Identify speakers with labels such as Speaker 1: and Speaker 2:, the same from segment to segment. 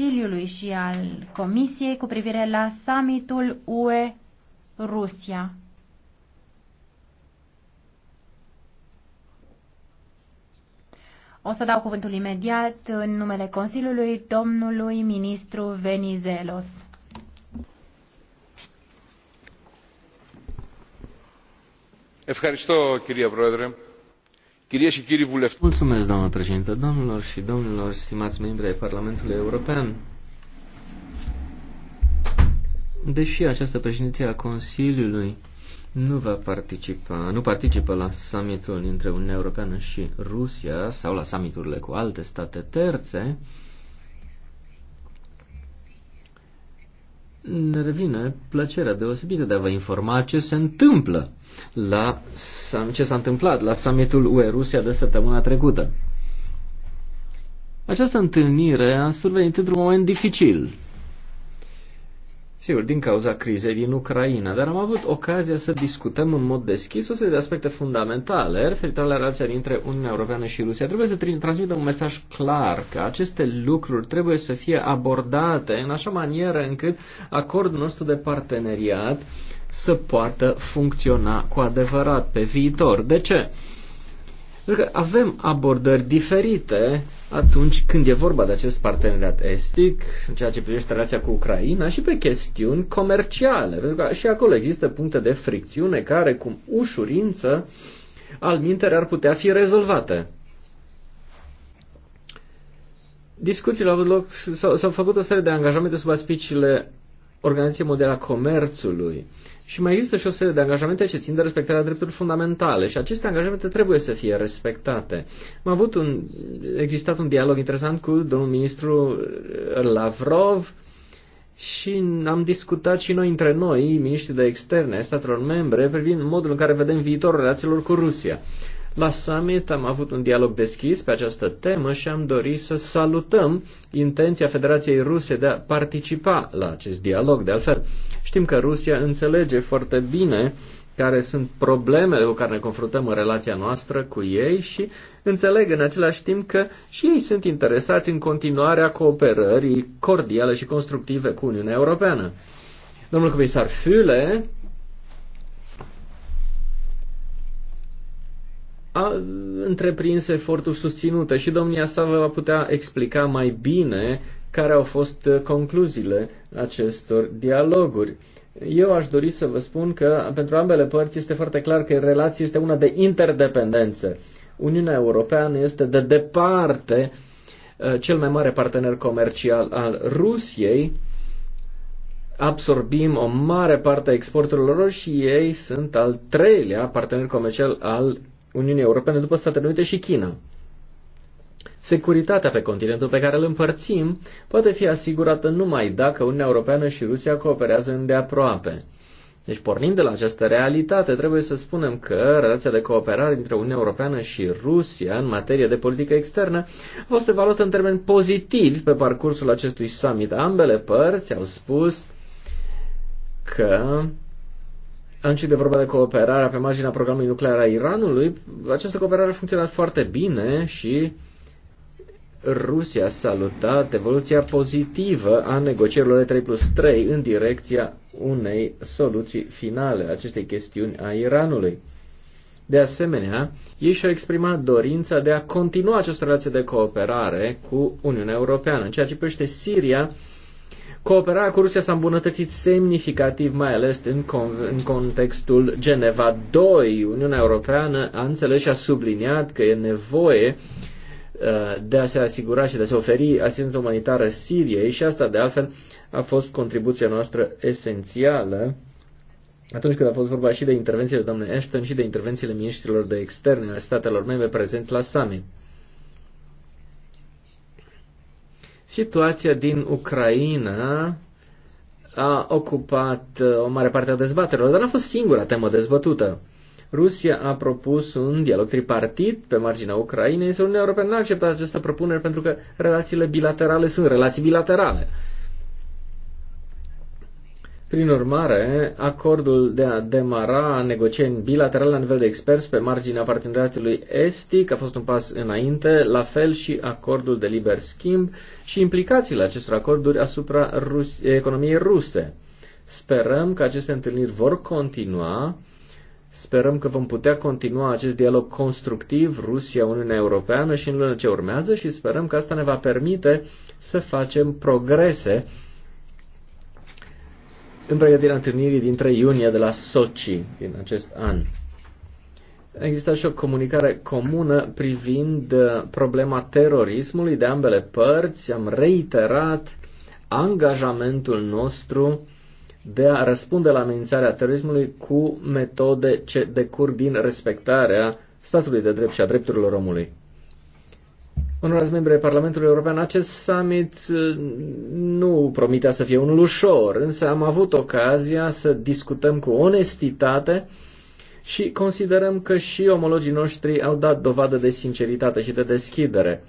Speaker 1: Consiliului și al Comisiei cu privire la summitul UE-Rusia. O să dau cuvântul imediat în numele Consiliului domnului ministru Venizelos.
Speaker 2: Mulțumesc, κυρία președinte.
Speaker 3: Mulțumesc, doamnă președintă, domnilor și domnilor, stimați membri ai Parlamentului European. Deși această președinție a Consiliului nu va participa, nu participă la summitul între Uniunea Europeană și Rusia sau la summiturile cu alte state terțe, ne revine plăcerea deosebită de a vă informa ce se întâmplă la ce s-a întâmplat la summitul UE Rusia de săptămâna trecută. Această întâlnire a survenit într-un moment dificil, Sigur, din cauza crizei din Ucraina, dar am avut ocazia să discutăm în mod deschis o serie de aspecte fundamentale referitoare la relația dintre Uniunea Europeană și Rusia. Trebuie să transmită un mesaj clar că aceste lucruri trebuie să fie abordate în așa manieră încât acordul nostru de parteneriat să poată funcționa cu adevărat pe viitor. De ce? Pentru că avem abordări diferite atunci când e vorba de acest parteneriat estic, în ceea ce privește relația cu Ucraina și pe chestiuni comerciale, pentru că și acolo există puncte de fricțiune care cu ușurință al mintere ar putea fi rezolvate. Discuțiile au avut loc, s-au făcut o serie de angajamente sub aspiciile Organizației Mondiale a Comerțului. Și mai există și o serie de angajamente ce țin de respectarea drepturilor fundamentale și aceste angajamente trebuie să fie respectate. Am avut un, existat un dialog interesant cu domnul ministru Lavrov și am discutat și noi între noi, miniștrii de externe statelor membre, privind modul în care vedem viitorul relațiilor cu Rusia. La summit am avut un dialog deschis pe această temă și am dorit să salutăm intenția Federației Ruse de a participa la acest dialog. De altfel, știm că Rusia înțelege foarte bine care sunt problemele cu care ne confruntăm în relația noastră cu ei și înțeleg în același timp că și ei sunt interesați în continuarea cooperării cordiale și constructive cu Uniunea Europeană. Domnul comisar Füle a întreprins eforturi susținute și domnia sa va putea explica mai bine care au fost uh, concluziile acestor dialoguri. Eu aș dori să vă spun că pentru ambele părți este foarte clar că relația este una de interdependență. Uniunea Europeană este de departe uh, cel mai mare partener comercial al Rusiei, absorbim o mare parte a exporturilor lor și ei sunt al treilea partener comercial al Uniunii Europene după Statele Unite și China. Securitatea pe continentul pe care îl împărțim poate fi asigurată numai dacă Uniunea Europeană și Rusia cooperează îndeaproape. Deci, pornind de la această realitate, trebuie să spunem că relația de cooperare dintre Uniunea Europeană și Rusia în materie de politică externă a fost evaluată în termeni pozitivi pe parcursul acestui summit. Ambele părți au spus că am citit de vorba de cooperarea pe marginea programului nuclear a Iranului. Această cooperare a funcționat foarte bine și Rusia a salutat evoluția pozitivă a negocierilor 3 plus 3 în direcția unei soluții finale a acestei chestiuni a Iranului. De asemenea, ei și-au exprimat dorința de a continua această relație de cooperare cu Uniunea Europeană. În ceea ce privește Siria, Cooperarea cu Rusia s-a îmbunătățit semnificativ, mai ales în, con- în contextul Geneva 2. Uniunea Europeană a înțeles și a subliniat că e nevoie uh, de a se asigura și de a se oferi asistență umanitară Siriei și asta de altfel a fost contribuția noastră esențială atunci când a fost vorba și de intervențiile doamnei Ashton și de intervențiile ministrilor de externe ale statelor membre prezenți la summit. Situația din Ucraina a ocupat uh, o mare parte a dezbaterilor, dar n-a fost singura temă dezbătută. Rusia a propus un dialog tripartit pe marginea Ucrainei, însă Uniunea Europeană n-a acceptat această propunere pentru că relațiile bilaterale sunt relații bilaterale. Prin urmare, acordul de a demara negocieri bilaterale la nivel de experți pe marginea parteneriatului estic a fost un pas înainte, la fel și acordul de liber schimb și implicațiile acestor acorduri asupra Rus- economiei ruse. Sperăm că aceste întâlniri vor continua, sperăm că vom putea continua acest dialog constructiv Rusia-Uniunea Europeană și în lunile ce urmează și sperăm că asta ne va permite să facem progrese în pregătirea întâlnirii dintre iunie de la Sochi din acest an. A existat și o comunicare comună privind uh, problema terorismului de ambele părți. Am reiterat angajamentul nostru de a răspunde la amenințarea terorismului cu metode ce decurg din respectarea statului de drept și a drepturilor omului. Onorați membri ai Parlamentului European, acest summit uh, nu promitea să fie unul ușor, însă am avut ocazia să discutăm cu onestitate și considerăm că și omologii noștri au dat dovadă de sinceritate și de deschidere.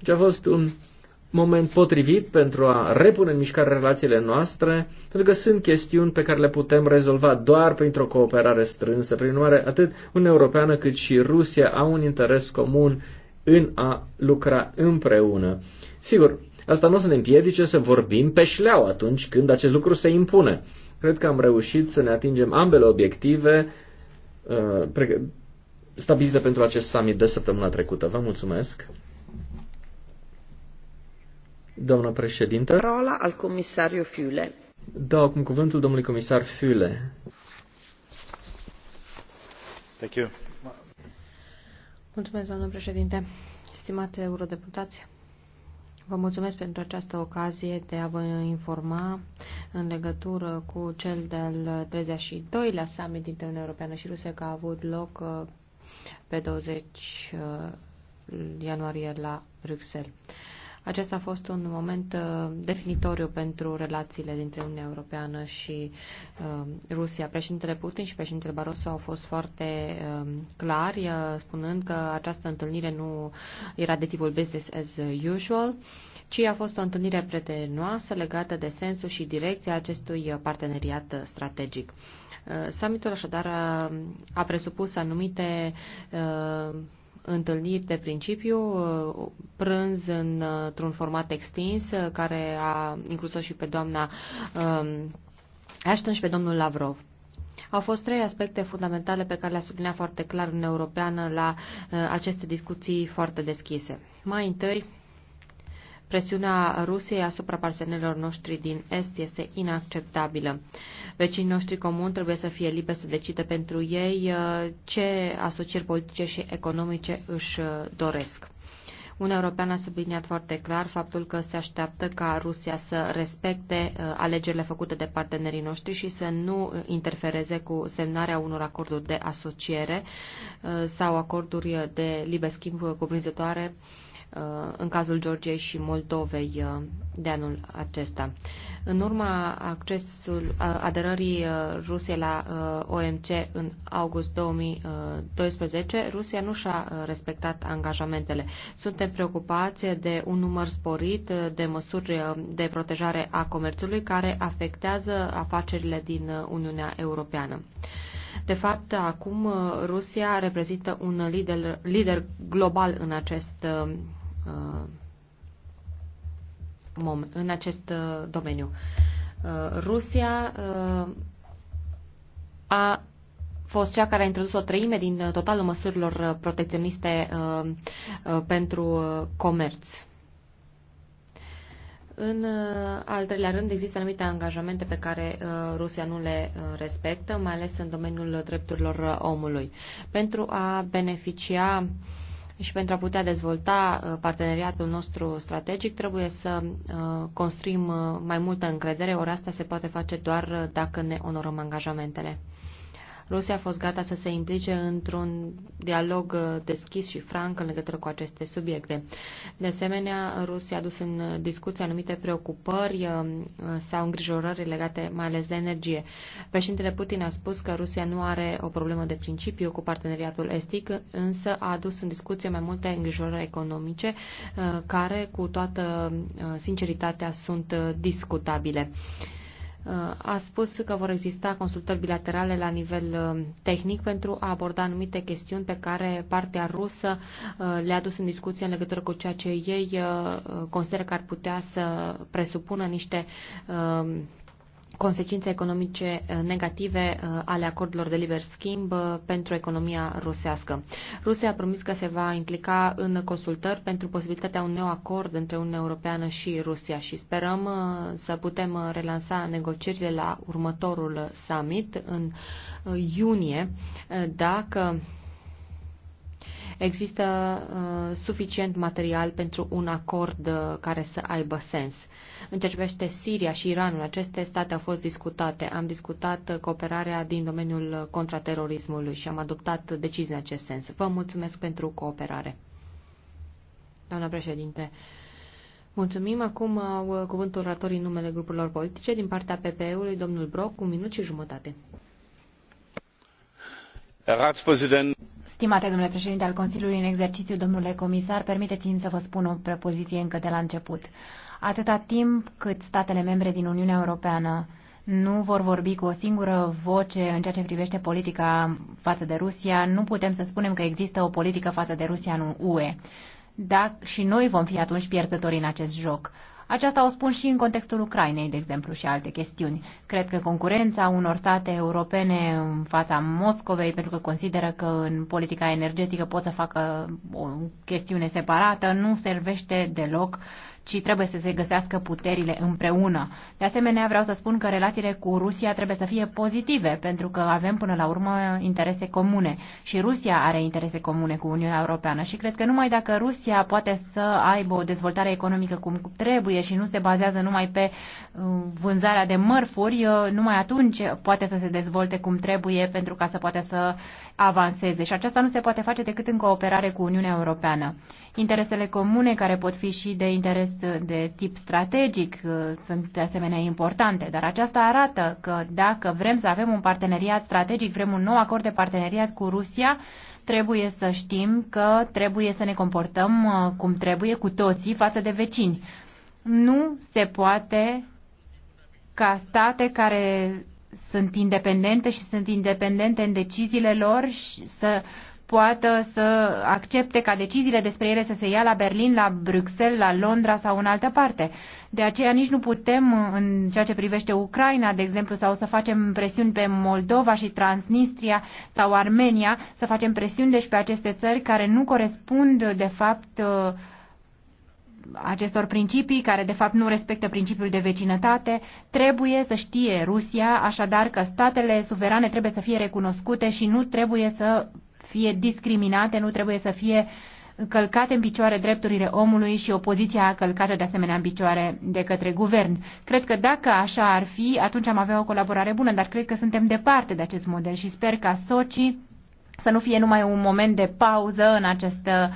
Speaker 3: Deci a fost un moment potrivit pentru a repune în mișcare relațiile noastre, pentru că sunt chestiuni pe care le putem rezolva doar printr-o cooperare strânsă. Prin urmare, atât Uniunea Europeană cât și Rusia au un interes comun în a lucra împreună. Sigur, asta nu o să ne împiedice să vorbim pe șleau atunci când acest lucru se impune. Cred că am reușit să ne atingem ambele obiective uh, stabilite pentru acest summit de săptămâna trecută. Vă mulțumesc! Doamnă președintă. Rola al comisariu Fiule. Da, acum cuvântul domnului comisar Fiule.
Speaker 2: Thank you.
Speaker 4: Mulțumesc, domnul
Speaker 5: președinte. Stimați eurodeputați, vă mulțumesc pentru această ocazie de a vă informa în legătură cu cel de-al 32-lea summit dintre Uniunea Europeană și Rusia, care a avut loc uh, pe 20 uh, ianuarie la Bruxelles. Acesta a fost un moment uh, definitoriu pentru relațiile dintre Uniunea Europeană și uh, Rusia. Președintele Putin și președintele Barroso au fost foarte uh, clari, spunând că această întâlnire nu era de tipul business as usual, ci a fost o întâlnire prietenoasă legată de sensul și direcția acestui parteneriat strategic. Summitul așadar a presupus anumite uh, întâlniri de principiu, uh, prânz într-un format extins uh, care a inclus și pe doamna um, Ashton și pe domnul Lavrov. Au fost trei aspecte fundamentale pe care le-a subliniat foarte clar în Europeană la uh, aceste discuții foarte deschise. Mai întâi, Presiunea Rusiei asupra partenerilor noștri din Est este inacceptabilă. Vecinii noștri comuni trebuie să fie liberi să decide pentru ei uh, ce asocieri politice și economice își uh, doresc. Uniunea Europeană a subliniat foarte clar faptul că se așteaptă ca Rusia să respecte uh, alegerile făcute de partenerii noștri și să nu interfereze cu semnarea unor acorduri de asociere sau acorduri de liber schimb cuprinzătoare Uh, în cazul Georgiei și Moldovei uh, de anul acesta. În urma accesul uh, aderării Rusiei la OMC în august 2012, Rusia nu și-a respectat angajamentele. Suntem preocupați de un număr sporit de măsuri de protejare a comerțului care afectează afacerile din Uniunea Europeană. De fapt, acum Rusia reprezintă un lider, lider global în acest Uh, în acest uh, domeniu. Uh, Rusia a fost cea care a introdus o treime din totalul măsurilor protecționiste pentru comerț. În al treilea rând, există anumite angajamente pe care Rusia nu le respectă, mai ales în domeniul drepturilor omului. Pentru a beneficia uh, și pentru a putea dezvolta uh, parteneriatul nostru strategic trebuie să uh, construim uh, mai multă încredere, ori asta se poate face doar dacă ne onorăm angajamentele. Rusia a fost gata să se implice într-un dialog uh, deschis și franc în legătură cu aceste subiecte. De asemenea, Rusia a dus în discuție anumite preocupări uh, sau îngrijorări legate mai ales de energie. Președintele Putin a spus că Rusia nu are o problemă de principiu cu parteneriatul estic, însă a adus în discuție mai multe îngrijorări economice uh, care, cu toată sinceritatea, sunt discutabile. Uh, a spus că vor exista consultări bilaterale la nivel uh, tehnic pentru a aborda anumite chestiuni pe care partea rusă uh, le-a dus în discuție în legătură cu ceea ce ei consideră că ar putea să presupună niște consecințe economice eh, negative eh, ale acordurilor de liber schimb eh, pentru economia rusească. Rusia a promis că se va implica în consultări pentru posibilitatea unui nou acord între Uniunea Europeană și Rusia și sperăm să putem relansa negocierile la următorul summit în iunie dacă există suficient material pentru un acord care să aibă sens. În ce privește Siria și Iranul, aceste state au fost discutate. Am discutat cooperarea din domeniul contraterorismului și am adoptat decizii în acest sens. Vă mulțumesc pentru cooperare. Doamna președinte, Mulțumim. Acum au cuvântul oratorii numele grupurilor politice din partea PPE-ului, domnul Broc, un minut și jumătate.
Speaker 1: Stimate domnule președinte al Consiliului în exercițiu, domnule comisar, permiteți-mi să vă spun o propoziție încă de la început atâta timp cât statele membre din Uniunea Europeană nu vor vorbi cu o singură voce în ceea ce privește politica față de Rusia, nu putem să spunem că există o politică față de Rusia în UE. Da, și noi vom fi atunci pierzători în acest joc. Aceasta o spun și în contextul Ucrainei, de exemplu, și alte chestiuni. Cred că concurența unor state europene în fața Moscovei, pentru că consideră că în politica energetică pot să facă o chestiune separată, nu servește deloc ci trebuie să se găsească puterile împreună. De asemenea, vreau să spun că relațiile cu Rusia trebuie să fie pozitive, pentru că avem până la urmă interese comune și Rusia are interese comune cu Uniunea Europeană și cred că numai dacă Rusia poate să aibă o dezvoltare economică cum trebuie și nu se bazează numai pe uh, vânzarea de mărfuri, uh, numai atunci poate să se dezvolte cum trebuie pentru ca să poate să avanseze. Și aceasta nu se poate face decât în cooperare cu Uniunea Europeană. Interesele comune, care pot fi și de interes de tip strategic, uh, sunt de asemenea importante, dar aceasta arată că dacă vrem să avem un parteneriat strategic, vrem un nou acord de parteneriat cu Rusia, trebuie să știm că trebuie să ne comportăm uh, cum trebuie cu toții față de vecini. Nu se poate ca state care sunt independente și sunt independente în deciziile lor și să poată să accepte ca deciziile despre ele să se ia la Berlin, la Bruxelles, la Londra sau în altă parte. De aceea nici nu putem, în ceea ce privește Ucraina, de exemplu, sau să facem presiuni pe Moldova și Transnistria sau Armenia, să facem presiuni deci pe aceste țări care nu corespund, de fapt, uh, acestor principii, care de fapt nu respectă principiul de vecinătate, trebuie să știe Rusia, așadar că statele suverane trebuie să fie recunoscute și nu trebuie să fie discriminate, nu trebuie să fie călcate în picioare drepturile omului și opoziția călcată de asemenea în picioare de către guvern. Cred că dacă așa ar fi, atunci am avea o colaborare bună, dar cred că suntem departe de acest model și sper ca Sochi să nu fie numai un moment de pauză în această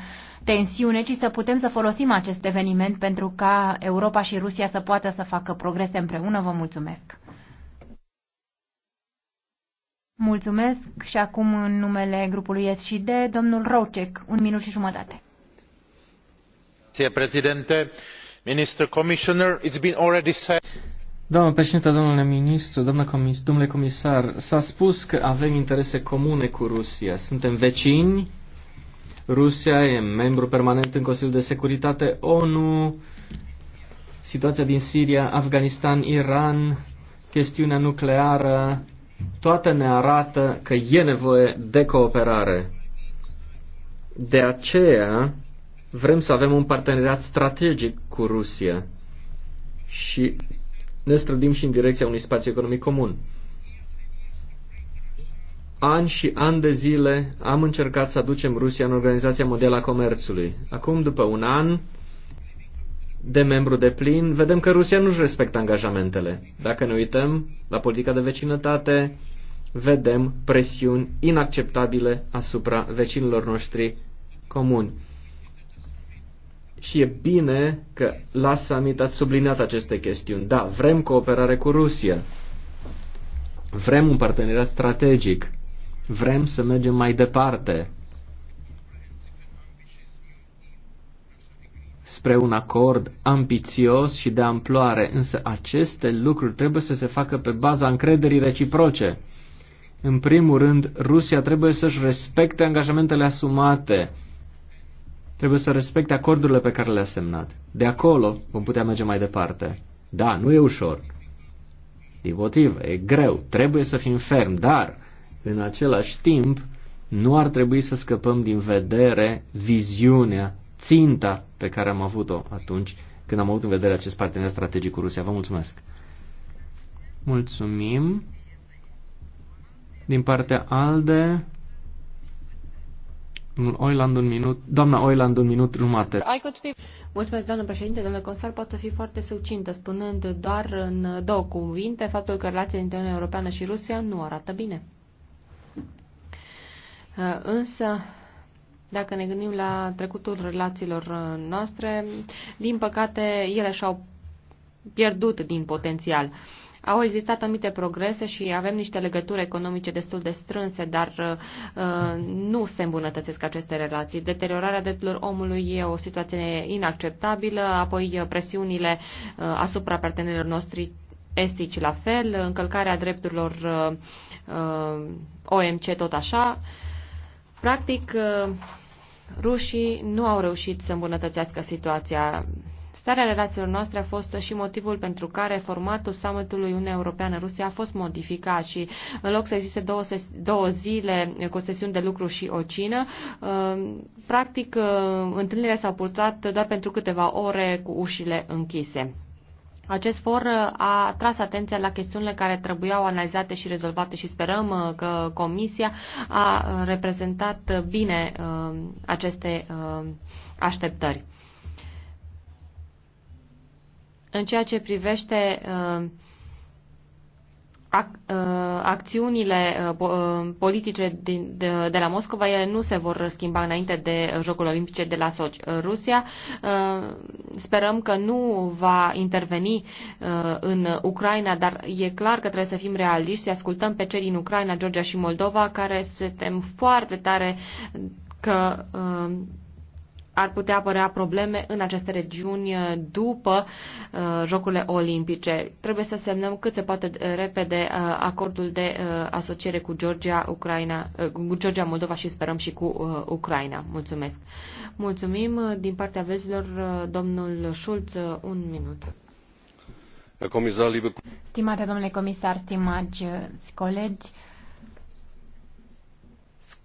Speaker 1: tensiune, ci să putem să folosim acest eveniment pentru ca Europa și Rusia să poată să facă progrese împreună. Vă mulțumesc! Mulțumesc și acum în numele grupului SD, domnul Rocek, un minut și jumătate.
Speaker 6: Președinte, minister, commissioner, it's been already
Speaker 3: said. Doamnă președinte, domnule ministru, doamnă comis, domnule comisar, s-a spus că avem interese comune cu Rusia. Suntem vecini, Rusia e membru permanent în Consiliul de Securitate ONU, situația din Siria, Afganistan, Iran, chestiunea nucleară, toate ne arată că e nevoie de cooperare. De aceea vrem să avem un parteneriat strategic cu Rusia și ne strădim și în direcția unui spațiu economic comun. Ani și ani de zile am încercat să aducem Rusia în Organizația Mondială a Comerțului. Acum, după un an, de membru de plin, vedem că Rusia nu-și respectă angajamentele. Dacă ne uităm la politica de vecinătate, vedem presiuni inacceptabile asupra vecinilor noștri comuni. Și e bine că la summit ați subliniat aceste chestiuni. Da, vrem cooperare cu Rusia. Vrem un parteneriat strategic. Vrem să mergem mai departe. spre un acord ambițios și de amploare, însă aceste lucruri trebuie să se facă pe baza încrederii reciproce. În primul rând, Rusia trebuie să-și respecte angajamentele asumate, trebuie să respecte acordurile pe care le-a semnat. De acolo vom putea merge mai departe. Da, nu e ușor. Din motiv, e greu, trebuie să fim ferm, dar în același timp nu ar trebui să scăpăm din vedere viziunea ținta pe care am avut-o atunci când am avut în vedere acest partener strategic cu Rusia. Vă mulțumesc! Mulțumim! Din partea ALDE, Oiland un minut, doamna Oiland un minut jumate.
Speaker 5: Mulțumesc, doamnă președinte. Domnule Consar, poate fi foarte succintă, spunând doar în două cuvinte faptul că relația dintre Uniunea Europeană și Rusia nu arată bine. Însă, dacă ne gândim la trecutul relațiilor uh, noastre, din păcate ele și-au pierdut din potențial. Au existat anumite progrese și avem niște legături economice destul de strânse, dar uh, uh nu se îmbunătățesc aceste relații. Deteriorarea drepturilor omului e o situație inacceptabilă, apoi uh, presiunile uh, asupra partenerilor noștri estici la fel, încălcarea drepturilor uh, OMC tot așa. Practic, uh, Rușii nu au reușit să îmbunătățească situația. Starea relațiilor noastre a fost și motivul pentru care formatul summitului Uniunea Europeană-Rusia a fost modificat și în loc să existe două, două zile cu sesiuni de lucru și o cină, uh, practic uh, întâlnirea s-a purtat doar pentru câteva ore cu ușile închise. Acest for uh, a tras atenția la chestiunile care trebuiau analizate și rezolvate și sperăm uh, că Comisia a reprezentat bine uh, aceste așteptări. În ceea ce privește uh, ac- uh, acțiunile uh, uh, politice din, de, de la Moscova ele nu se vor schimba înainte de Jocurile Olimpice de la Sochi. Rusia sperăm că nu va interveni în Ucraina, dar e clar că trebuie să fim realiști, să ascultăm pe cei din Ucraina, Georgia și Moldova, care se tem foarte tare că ar putea apărea probleme în aceste regiuni uh, după uh, Jocurile Olimpice. Trebuie să semnăm cât se poate uh, repede uh, acordul de uh, asociere cu Georgia, Ucraina, uh, cu Georgia, Moldova și sperăm și cu Ucraina. Mulțumesc. Mulțumim din partea vezilor domnul Schulz un minut.
Speaker 3: Comisar,
Speaker 1: Stimate domnule comisar, stimați colegi,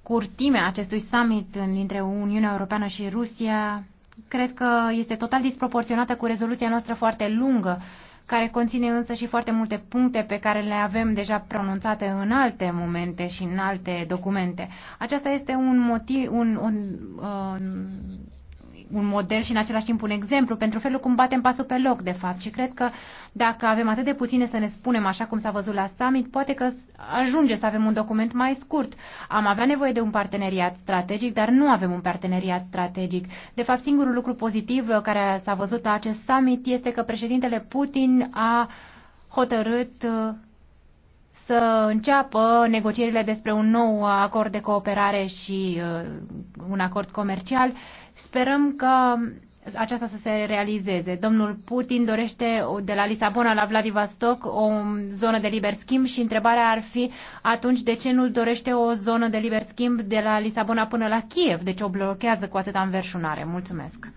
Speaker 1: curtimea acestui summit dintre Uniunea Europeană și Rusia cred că este total disproporționată cu rezoluția noastră foarte lungă, care conține însă și foarte multe puncte pe care le avem deja pronunțate în alte momente și în alte documente. Aceasta este un motiv, un, un, un uh, un model și în același timp un exemplu pentru felul cum batem pasul pe loc, de fapt. Și cred că dacă avem atât de puține să ne spunem așa cum s-a văzut la summit, poate că ajunge să avem un document mai scurt. Am avea nevoie de un parteneriat strategic, dar nu avem un parteneriat strategic. De fapt, singurul lucru pozitiv uh, care s-a văzut la acest summit este că președintele Putin a hotărât uh, să înceapă negocierile despre un nou acord de cooperare și uh, un acord comercial. Sperăm că aceasta să se realizeze. Domnul Putin dorește de la Lisabona la Vladivostok o zonă de liber schimb și întrebarea ar fi atunci de ce nu dorește o zonă de liber schimb de la Lisabona până la Kiev, deci o blochează cu atâta înverșunare. Mulțumesc.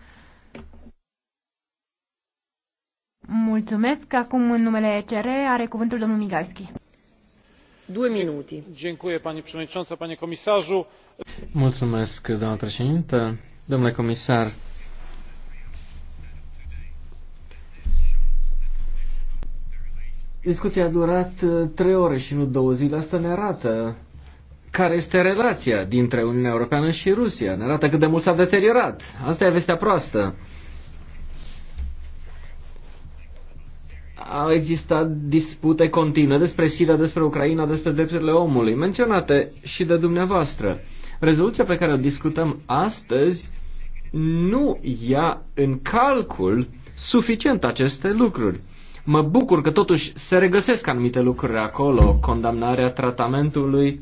Speaker 1: Mulțumesc. Acum în numele CR are cuvântul domnul Migalski
Speaker 3: pani przewodnicząca! panie komisarzu! domnule comisar discuția a durat uh, trei ore și nu două zile. Asta ne arată care este relația dintre Uniunea Europeană și Rusia. Ne arată cât de mult s-a deteriorat. Asta e vestea proastă. au existat dispute continue despre Siria, despre Ucraina, despre drepturile omului, menționate și de dumneavoastră. Rezoluția pe care o discutăm astăzi nu ia în calcul suficient aceste lucruri. Mă bucur că totuși se regăsesc anumite lucruri acolo, condamnarea tratamentului uh,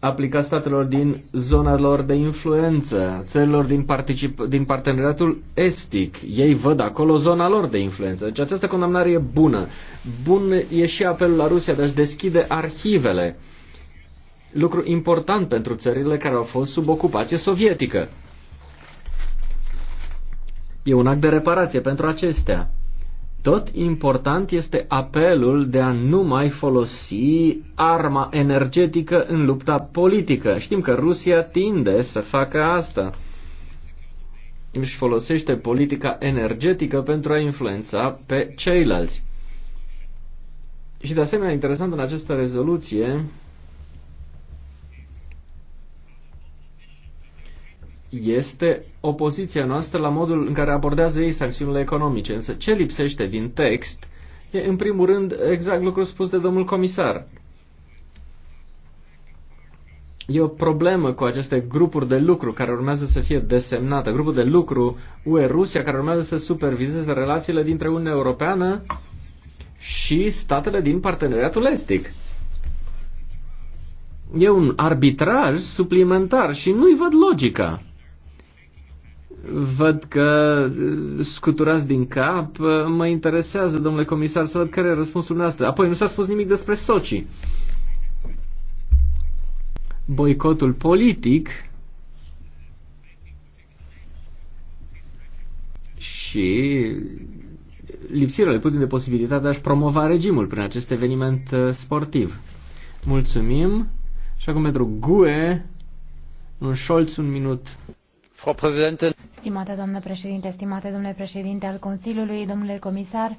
Speaker 3: aplicat statelor din zona lor de influență, țărilor din, particip, din parteneriatul estic. Ei văd acolo zona lor de influență. Deci această condamnare e bună. Bun e și apelul la Rusia de a-și deschide arhivele. Lucru important pentru țările care au fost sub ocupație sovietică. E un act de reparație pentru acestea. Tot important este apelul de a nu mai folosi arma energetică în lupta politică. Știm că Rusia tinde să facă asta. Își folosește politica energetică pentru a influența pe ceilalți. Și de asemenea, interesant în această rezoluție este opoziția noastră la modul în care abordează ei sancțiunile economice. Însă ce lipsește din text e, în primul rând, exact lucru spus de domnul comisar. E o problemă cu aceste grupuri de lucru care urmează să fie desemnate, grupul de lucru UE-Rusia care urmează să supervizeze relațiile dintre Uniunea Europeană și statele din parteneriatul estic. E un arbitraj suplimentar și nu-i văd logica văd că uh, scuturați din cap. Uh, mă interesează, domnule comisar, să văd care e răspunsul noastră. Apoi, nu s-a spus nimic despre Sochi. Boicotul politic și lipsirea lui Putin de posibilitatea de a-și promova regimul prin acest eveniment uh, sportiv. Mulțumim. Și acum pentru GUE, un șolț, un minut. Frau
Speaker 4: Präsidentin.
Speaker 1: Stimată doamnă președinte, stimate domnule președinte al Consiliului, domnule comisar,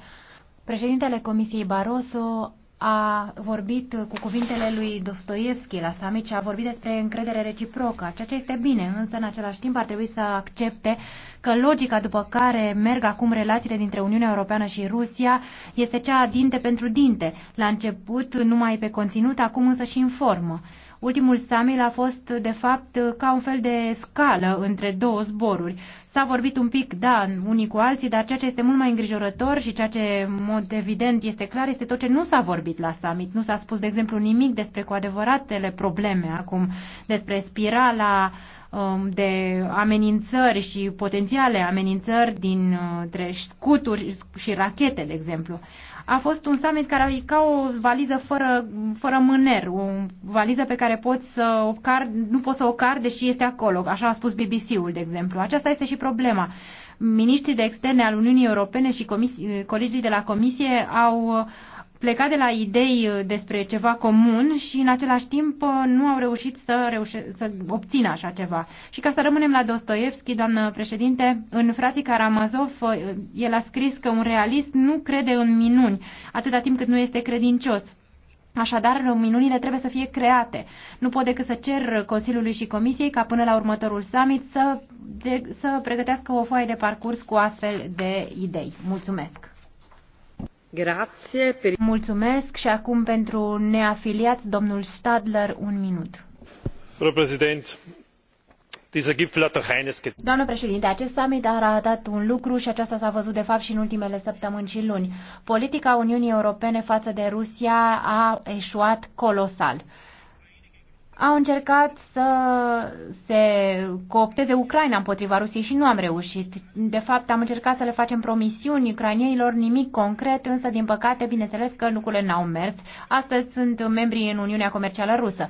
Speaker 1: președintele Comisiei Barroso a vorbit cu cuvintele lui Dostoevski la summit și a vorbit despre încredere reciprocă, ceea ce este bine, însă în același timp ar trebui să accepte că logica după care merg acum relațiile dintre Uniunea Europeană și Rusia este cea dinte pentru dinte, la început numai pe conținut, acum însă și în formă. Ultimul summit a fost, de fapt, ca un fel de scală între două zboruri. S-a vorbit un pic, da, unii cu alții, dar ceea ce este mult mai îngrijorător și ceea ce, în mod evident, este clar, este tot ce nu s-a vorbit la summit. Nu s-a spus, de exemplu, nimic despre cu adevăratele probleme acum, despre spirala um, de amenințări și potențiale amenințări din scuturi și rachete, de exemplu a fost un summit care e ca o valiză fără, fără mâner, o valiză pe care poți să o car, nu poți să o car, deși este acolo, așa a spus BBC-ul, de exemplu. Aceasta este și problema. Ministrii de externe al Uniunii Europene și comisii, colegii de la Comisie au pleca de la idei uh, despre ceva comun și în același timp uh, nu au reușit să, reușe, să obțină așa ceva. Și ca să rămânem la Dostoevski, doamnă președinte, în Frații Karamazov uh, el a scris că un realist nu crede în minuni, atâta timp cât nu este credincios. Așadar, minunile trebuie să fie create. Nu pot decât să cer Consiliului și Comisiei ca până la următorul summit să, de, să pregătească o foaie de parcurs cu astfel de idei. Mulțumesc! Per... Mulțumesc și acum pentru neafiliați, domnul Stadler, un minut.
Speaker 6: Frau Präsident,
Speaker 1: Doamnă președinte, acest summit a arătat un lucru și aceasta s-a văzut de fapt și în ultimele săptămâni și luni. Politica Uniunii Europene față de Rusia a eșuat colosal au încercat să se coopteze Ucraina împotriva Rusiei și nu am reușit. De fapt, am încercat să le facem promisiuni ucrainienilor, nimic concret, însă, din păcate, bineînțeles că lucrurile n-au mers. Astăzi sunt membrii în Uniunea Comercială Rusă.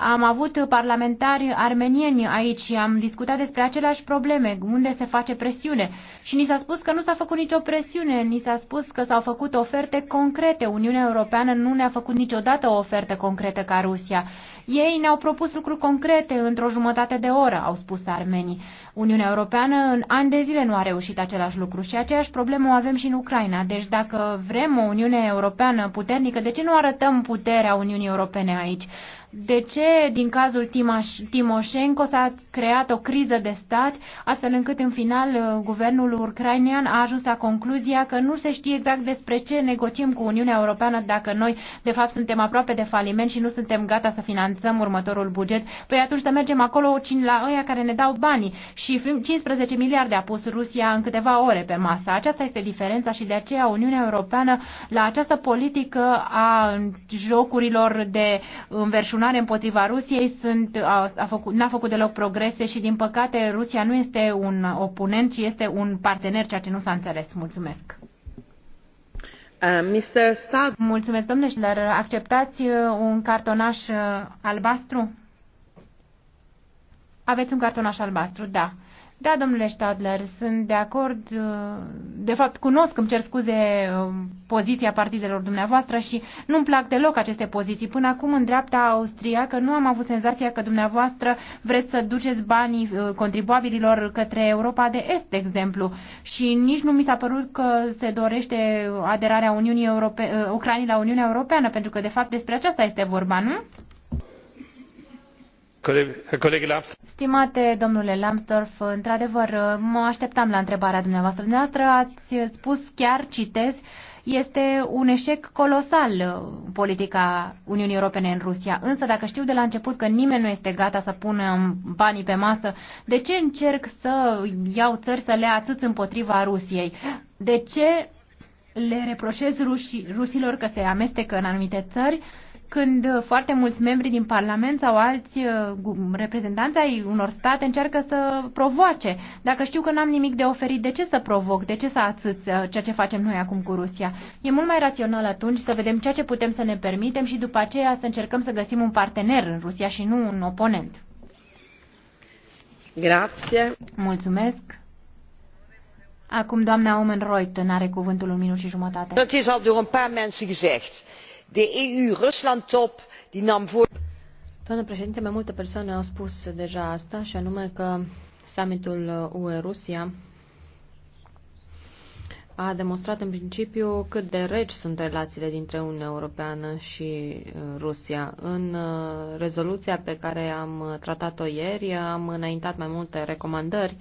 Speaker 1: Am avut parlamentari armenieni aici și am discutat despre aceleași probleme, unde se face presiune. Și ni s-a spus că nu s-a făcut nicio presiune, ni s-a spus că s-au făcut oferte concrete. Uniunea Europeană nu ne-a făcut niciodată o ofertă concretă ca Rusia. Ei ne-au propus lucruri concrete într-o jumătate de oră, au spus armenii. Uniunea Europeană în ani de zile nu a reușit același lucru și aceeași problemă o avem și în Ucraina. Deci dacă vrem o Uniune Europeană puternică, de ce nu arătăm puterea Uniunii Europene aici? De ce din cazul Timoșenko s-a creat o criză de stat, astfel încât în final uh, guvernul ucrainean a ajuns la concluzia că nu se știe exact despre ce negociem cu Uniunea Europeană dacă noi de fapt suntem aproape de faliment și nu suntem gata să finanțăm următorul buget. Păi atunci să mergem acolo la ăia care ne dau banii și 15 miliarde a pus Rusia în câteva ore pe masă. Aceasta este diferența și de aceea Uniunea Europeană la această politică a jocurilor de înverșurare răzbunare împotriva Rusiei sunt, a, a făcut, n-a făcut deloc progrese și, din păcate, Rusia nu este un oponent, ci este un partener, ceea ce nu s-a înțeles. Mulțumesc. Uh, Stad... Mulțumesc, domnule Schiller. Acceptați uh, un cartonaș uh, albastru? Aveți un cartonaș albastru, da. Da, domnule Stadler, sunt de acord, uh, de fapt cunosc, îmi cer scuze, uh, poziția partidelor dumneavoastră și nu-mi plac deloc aceste poziții. Până acum, în dreapta austriacă, nu am avut senzația că dumneavoastră vreți să duceți banii uh, contribuabililor către Europa de Est, de exemplu. Și nici nu mi s-a părut că se dorește aderarea Uniunii Europe- Ucrainei la Uniunea Europeană, pentru că, de fapt, despre aceasta este vorba, nu? Stimate domnule Lambsdorff, într-adevăr, mă așteptam la întrebarea dumneavoastră. Dumneavoastră ați spus chiar, citez, este un eșec colosal uh, politica Uniunii Europene în Rusia. Însă dacă știu de la început că nimeni nu este gata să pună banii pe masă, de ce încerc să iau țări să le atâț împotriva Rusiei? De ce le reproșez rușii, rusilor că se amestecă în anumite țări? când uh, foarte mulți membri din Parlament sau alți uh, reprezentanți ai unor state încearcă să provoace. Dacă știu că n-am nimic de oferit, de ce să provoc? De ce să atât uh, ceea ce facem noi acum cu Rusia? E mult mai rațional atunci să vedem ceea ce putem să ne permitem și după aceea să încercăm să găsim un partener în Rusia și nu un oponent. Grație. Mulțumesc. Acum doamna Omen Reuten are cuvântul un minut și jumătate. Dat is al door een paar mensen gezegd de eu rusland top die nam
Speaker 5: Doamnă președinte, mai multe persoane au spus deja asta, și anume că summitul UE-Rusia a demonstrat în principiu cât de reci sunt relațiile dintre Uniunea Europeană și uh, Rusia. În uh, rezoluția pe care am tratat-o ieri am înaintat mai multe recomandări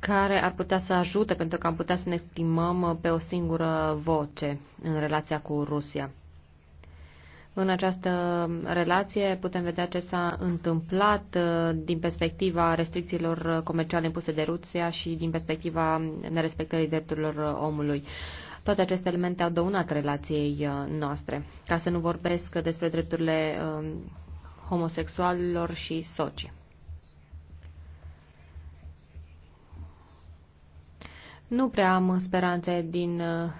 Speaker 5: care ar putea să ajute pentru că am putea să ne exprimăm uh, pe o singură voce în relația cu Rusia. În această relație putem vedea ce s-a întâmplat uh, din perspectiva restricțiilor comerciale impuse de Rusia și din perspectiva nerespectării drepturilor omului. Toate aceste elemente au dăunat relației uh, noastre, ca să nu vorbesc despre drepturile um, homosexualilor și socii. Nu prea am speranțe din uh,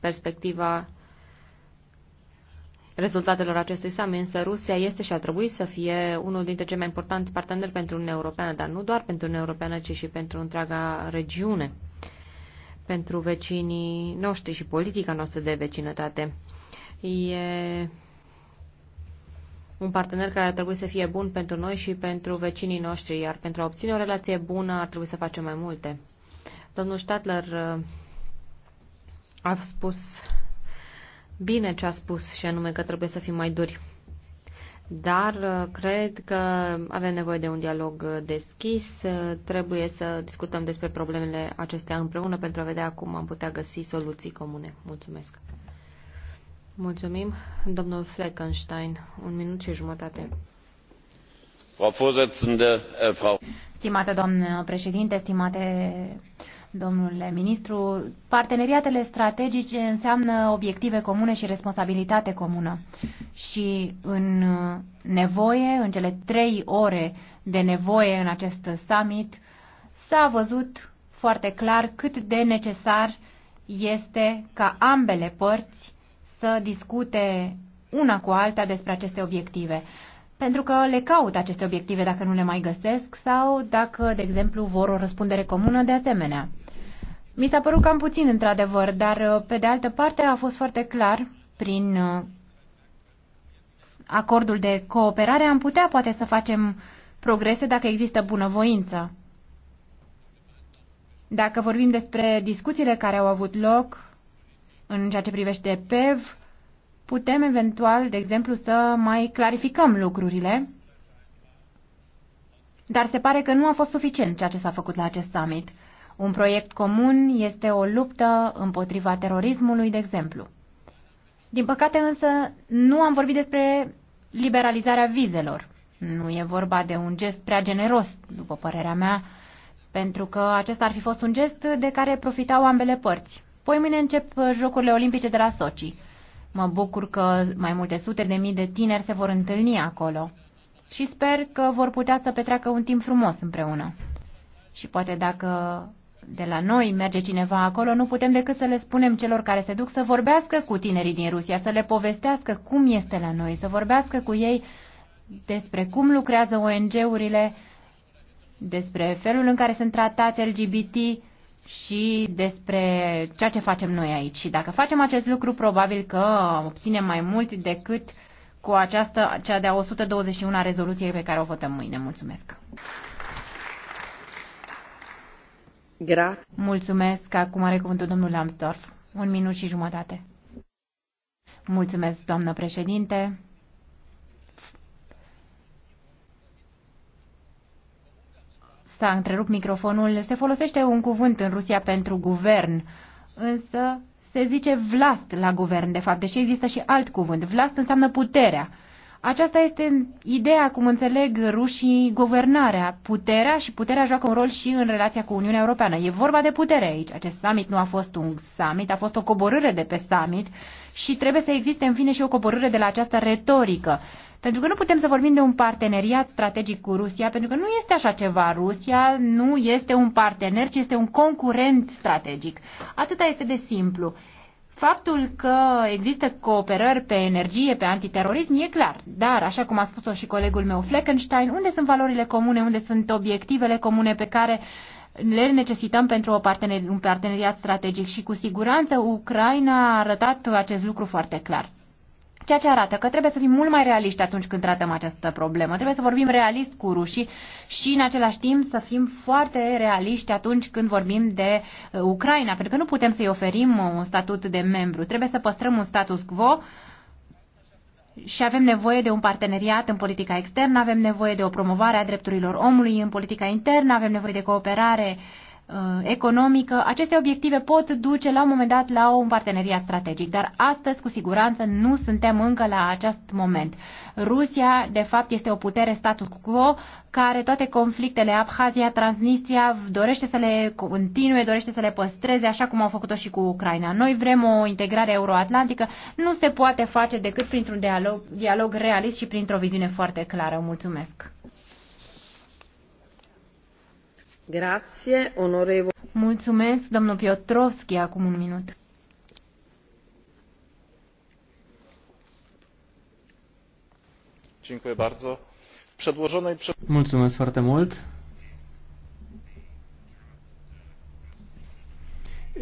Speaker 5: perspectiva rezultatelor acestui summit, însă Rusia este și a trebuit să fie unul dintre cei mai importanți parteneri pentru Uniunea Europeană, dar nu doar pentru Uniunea Europeană, ci și pentru întreaga regiune, pentru vecinii noștri și politica noastră de vecinătate. E un partener care ar trebui să fie bun pentru noi și pentru vecinii noștri, iar pentru a obține o relație bună ar trebui să facem mai multe. Domnul Stadler uh, a spus bine ce a spus și anume că trebuie să fim mai duri. Dar uh, cred că avem nevoie de un dialog uh, deschis, trebuie să discutăm despre problemele acestea împreună pentru a vedea cum am putea găsi soluții comune. Mulțumesc! Mulțumim. Domnul Fleckenstein, un minut și jumătate.
Speaker 4: Frau äh,
Speaker 1: Stimate domnule președinte, stimate domnule ministru. Parteneriatele strategice înseamnă obiective comune și responsabilitate comună. Și în nevoie, în cele trei ore de nevoie în acest summit, s-a văzut foarte clar cât de necesar este ca ambele părți să discute una cu alta despre aceste obiective pentru că le caut aceste obiective dacă nu le mai găsesc sau dacă, de exemplu, vor o răspundere comună de asemenea. Mi s-a părut cam puțin, într-adevăr, dar uh, pe de altă parte a fost foarte clar prin uh, acordul de cooperare am putea poate să facem progrese dacă există bunăvoință. Dacă vorbim despre discuțiile care au avut loc în ceea ce privește PEV, putem eventual, de exemplu, să mai clarificăm lucrurile, dar se pare că nu a fost suficient ceea ce s-a făcut la acest summit. Un proiect comun este o luptă împotriva terorismului, de exemplu. Din păcate însă nu am vorbit despre liberalizarea vizelor. Nu e vorba de un gest prea generos, după părerea mea, pentru că acesta ar fi fost un gest de care profitau ambele părți. Poi mâine încep Jocurile Olimpice de la Sochi. Mă bucur că mai multe sute de mii de tineri se vor întâlni acolo și sper că vor putea să petreacă un timp frumos împreună. Și poate dacă de la noi merge cineva acolo, nu putem decât să le spunem celor care se duc să vorbească cu tinerii din Rusia, să le povestească cum este la noi, să vorbească cu ei despre cum lucrează ONG-urile, despre felul în care sunt tratați LGBT și despre ceea ce facem noi aici. Și dacă facem acest lucru, probabil că obținem mai mult decât cu această, cea de-a 121-a rezoluție pe care o votăm mâine. Mulțumesc! Gra. Mulțumesc. Acum are cuvântul domnul Lambsdorff. Un minut și jumătate. Mulțumesc, doamnă președinte. S-a întrerupt microfonul. Se folosește un cuvânt în Rusia pentru guvern, însă se zice vlast la guvern, de fapt, deși există și alt cuvânt. Vlast înseamnă puterea. Aceasta este ideea cum înțeleg rușii guvernarea, puterea și puterea joacă un rol și în relația cu Uniunea Europeană. E vorba de putere aici. Acest summit nu a fost un summit, a fost o coborâre de pe summit și trebuie să existe în fine și o coborâre de la această retorică. Pentru că nu putem să vorbim de un parteneriat strategic cu Rusia, pentru că nu este așa ceva. Rusia nu este un partener, ci este un concurent strategic. Atâta este de simplu. Faptul că există cooperări pe energie, pe antiterorism, e clar. Dar, așa cum a spus-o și colegul meu Fleckenstein, unde sunt valorile comune, unde sunt obiectivele comune pe care le necesităm pentru o parteneri, un parteneriat strategic și cu siguranță Ucraina a arătat acest lucru foarte clar. Ceea ce arată că trebuie să fim mult mai realiști atunci când tratăm această problemă. Trebuie să vorbim realist cu rușii și în același timp să fim foarte realiști atunci când vorbim de uh, Ucraina, pentru că nu putem să-i oferim uh, un statut de membru. Trebuie să păstrăm un status quo și avem nevoie de un parteneriat în politica externă, avem nevoie de o promovare a drepturilor omului în politica internă, avem nevoie de cooperare uh, Uh, economică, aceste obiective pot duce la un moment dat la un parteneriat strategic, dar astăzi cu siguranță nu suntem încă la acest moment. Rusia, de fapt, este o putere status quo care toate conflictele Abhazia, Transnistria dorește să le continue, dorește să le păstreze, așa cum au făcut-o și cu Ucraina. Noi vrem o integrare euroatlantică, nu se poate face decât printr-un dialog, dialog realist și printr-o viziune foarte clară. Mulțumesc!
Speaker 4: Grazie, onorevo. Mulțumesc,
Speaker 1: domnul Piotrovski, acum un minut.
Speaker 3: Dziękuję bardzo. W przedłożonej... Mulțumesc foarte mult.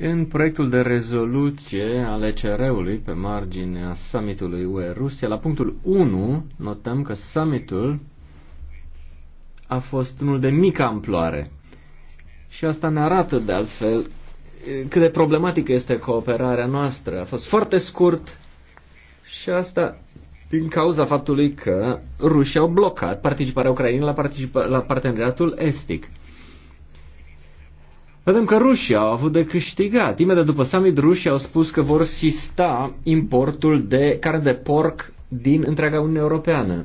Speaker 3: În proiectul de rezoluție al ECR-ului pe marginea summitului UE-Rusia, la punctul 1 notăm că summitul a fost unul de mică amploare. Și asta ne arată, de altfel, cât de problematică este cooperarea noastră. A fost foarte scurt și asta din cauza faptului că rușii au blocat participarea Ucrainei la, participa- la parteneriatul estic. Vedem că rușii au avut de câștigat. Imediat după summit, rușii au spus că vor sista importul de carne de porc din întreaga Uniune Europeană.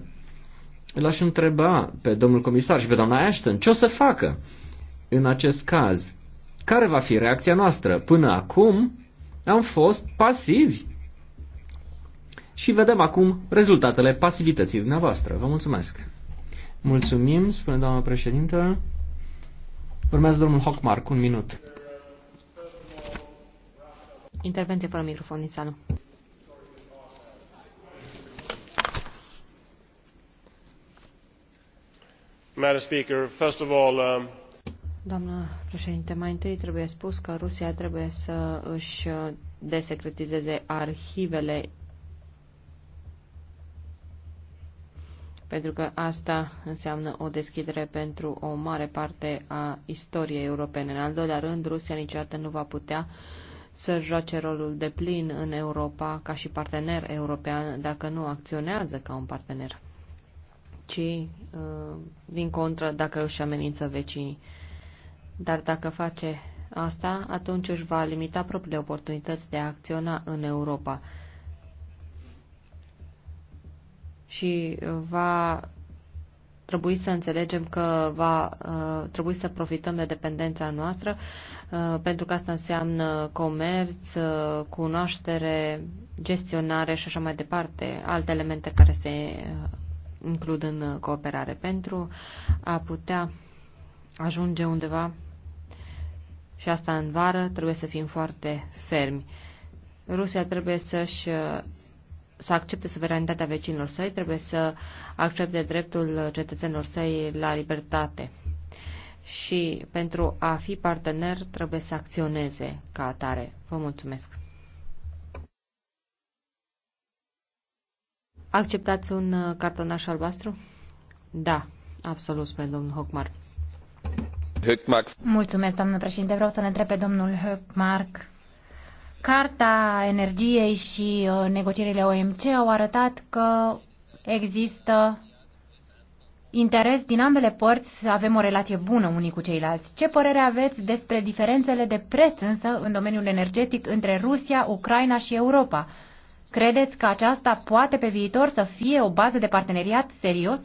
Speaker 3: Îl aș întreba pe domnul comisar și pe doamna Ashton ce o să facă în acest caz? Care va fi reacția noastră? Până acum am fost pasivi. Și vedem acum rezultatele pasivității dumneavoastră. Vă mulțumesc. Mulțumim, spune doamna președintă. Urmează domnul Hockmark, un minut.
Speaker 5: Intervenție fără microfon Nisanu. sală.
Speaker 3: Madam Speaker, first of all, um,
Speaker 5: Doamnă președinte, mai întâi trebuie spus că Rusia trebuie să își desecretizeze arhivele pentru că asta înseamnă o deschidere pentru o mare parte a istoriei europene. În al doilea rând, Rusia niciodată nu va putea să joace rolul de plin în Europa ca și partener european dacă nu acționează ca un partener, ci, uh, din contră, dacă își amenință vecinii. Dar dacă face asta, atunci își va limita propriile oportunități de a acționa în Europa și va trebui să înțelegem că va uh, trebui să profităm de dependența noastră, uh, pentru că asta înseamnă comerț, uh, cunoaștere, gestionare și așa mai departe, alte elemente care se includ în cooperare pentru a putea ajunge undeva și asta în vară, trebuie să fim foarte fermi. Rusia trebuie să-și uh, să accepte suveranitatea vecinilor săi, trebuie să accepte dreptul cetățenilor săi la libertate. Și pentru a fi partener trebuie să acționeze ca atare. Vă mulțumesc!
Speaker 1: Acceptați un uh, cartonaș albastru?
Speaker 5: Da, absolut, spune domnul Hochmar. Höckmark.
Speaker 1: Mulțumesc, doamnă președinte. Vreau să ne întreb pe domnul Höckmark. Carta energiei și uh, negocierile OMC au arătat că există interes din ambele părți să avem o relație bună unii cu ceilalți. Ce părere aveți despre diferențele de preț însă în domeniul energetic între Rusia, Ucraina și Europa? Credeți că aceasta poate pe viitor să fie o bază de parteneriat serios?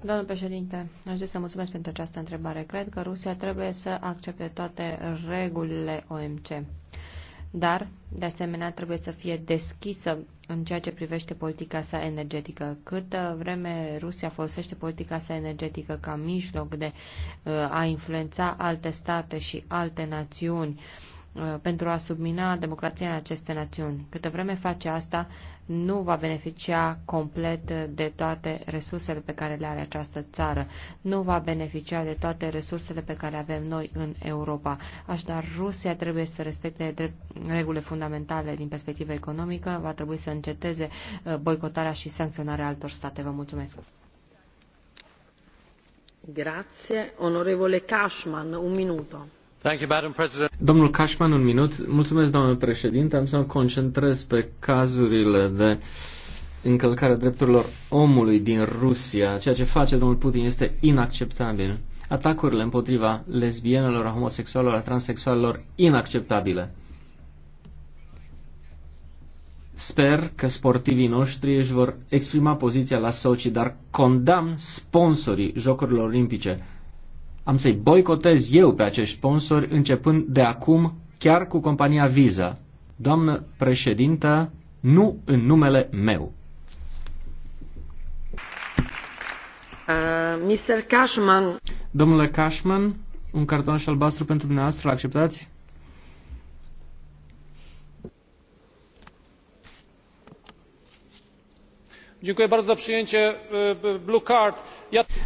Speaker 1: Domnule președinte, aș dori să mulțumesc
Speaker 5: pentru această întrebare. Cred că Rusia trebuie să accepte toate regulile OMC. Dar, de asemenea, trebuie să fie deschisă în ceea ce privește politica sa energetică. Câtă vreme Rusia folosește politica sa energetică ca mijloc de uh, a influența alte state și alte națiuni, uh, pentru a submina democrația în aceste națiuni. Câtă vreme face asta, nu va beneficia complet de toate resursele pe care le are această țară, nu va beneficia de toate resursele pe care le avem noi în Europa. Așadar, Rusia trebuie să respecte regulile fundamentale din perspectivă economică, va trebui să înceteze uh, boicotarea și sancționarea altor state. Vă mulțumesc!
Speaker 4: Grazie, onorevole Cashman, un minut.
Speaker 3: Domnul Cashman, un minut. Mulțumesc, domnule președinte. Am să mă concentrez pe cazurile de încălcarea drepturilor omului din Rusia. Ceea ce face domnul Putin este inacceptabil. Atacurile împotriva lesbienelor, a homosexualilor, a transexualilor, inacceptabile. Sper că sportivii noștri își vor exprima poziția la Sochi, dar condamn sponsorii Jocurilor Olimpice am să-i boicotez eu pe acești sponsori începând de acum chiar cu compania Visa. Doamnă președintă, nu în numele meu. Uh, Mr. Cashman. Domnule Cashman, un cartonaș albastru pentru dumneavoastră, acceptați?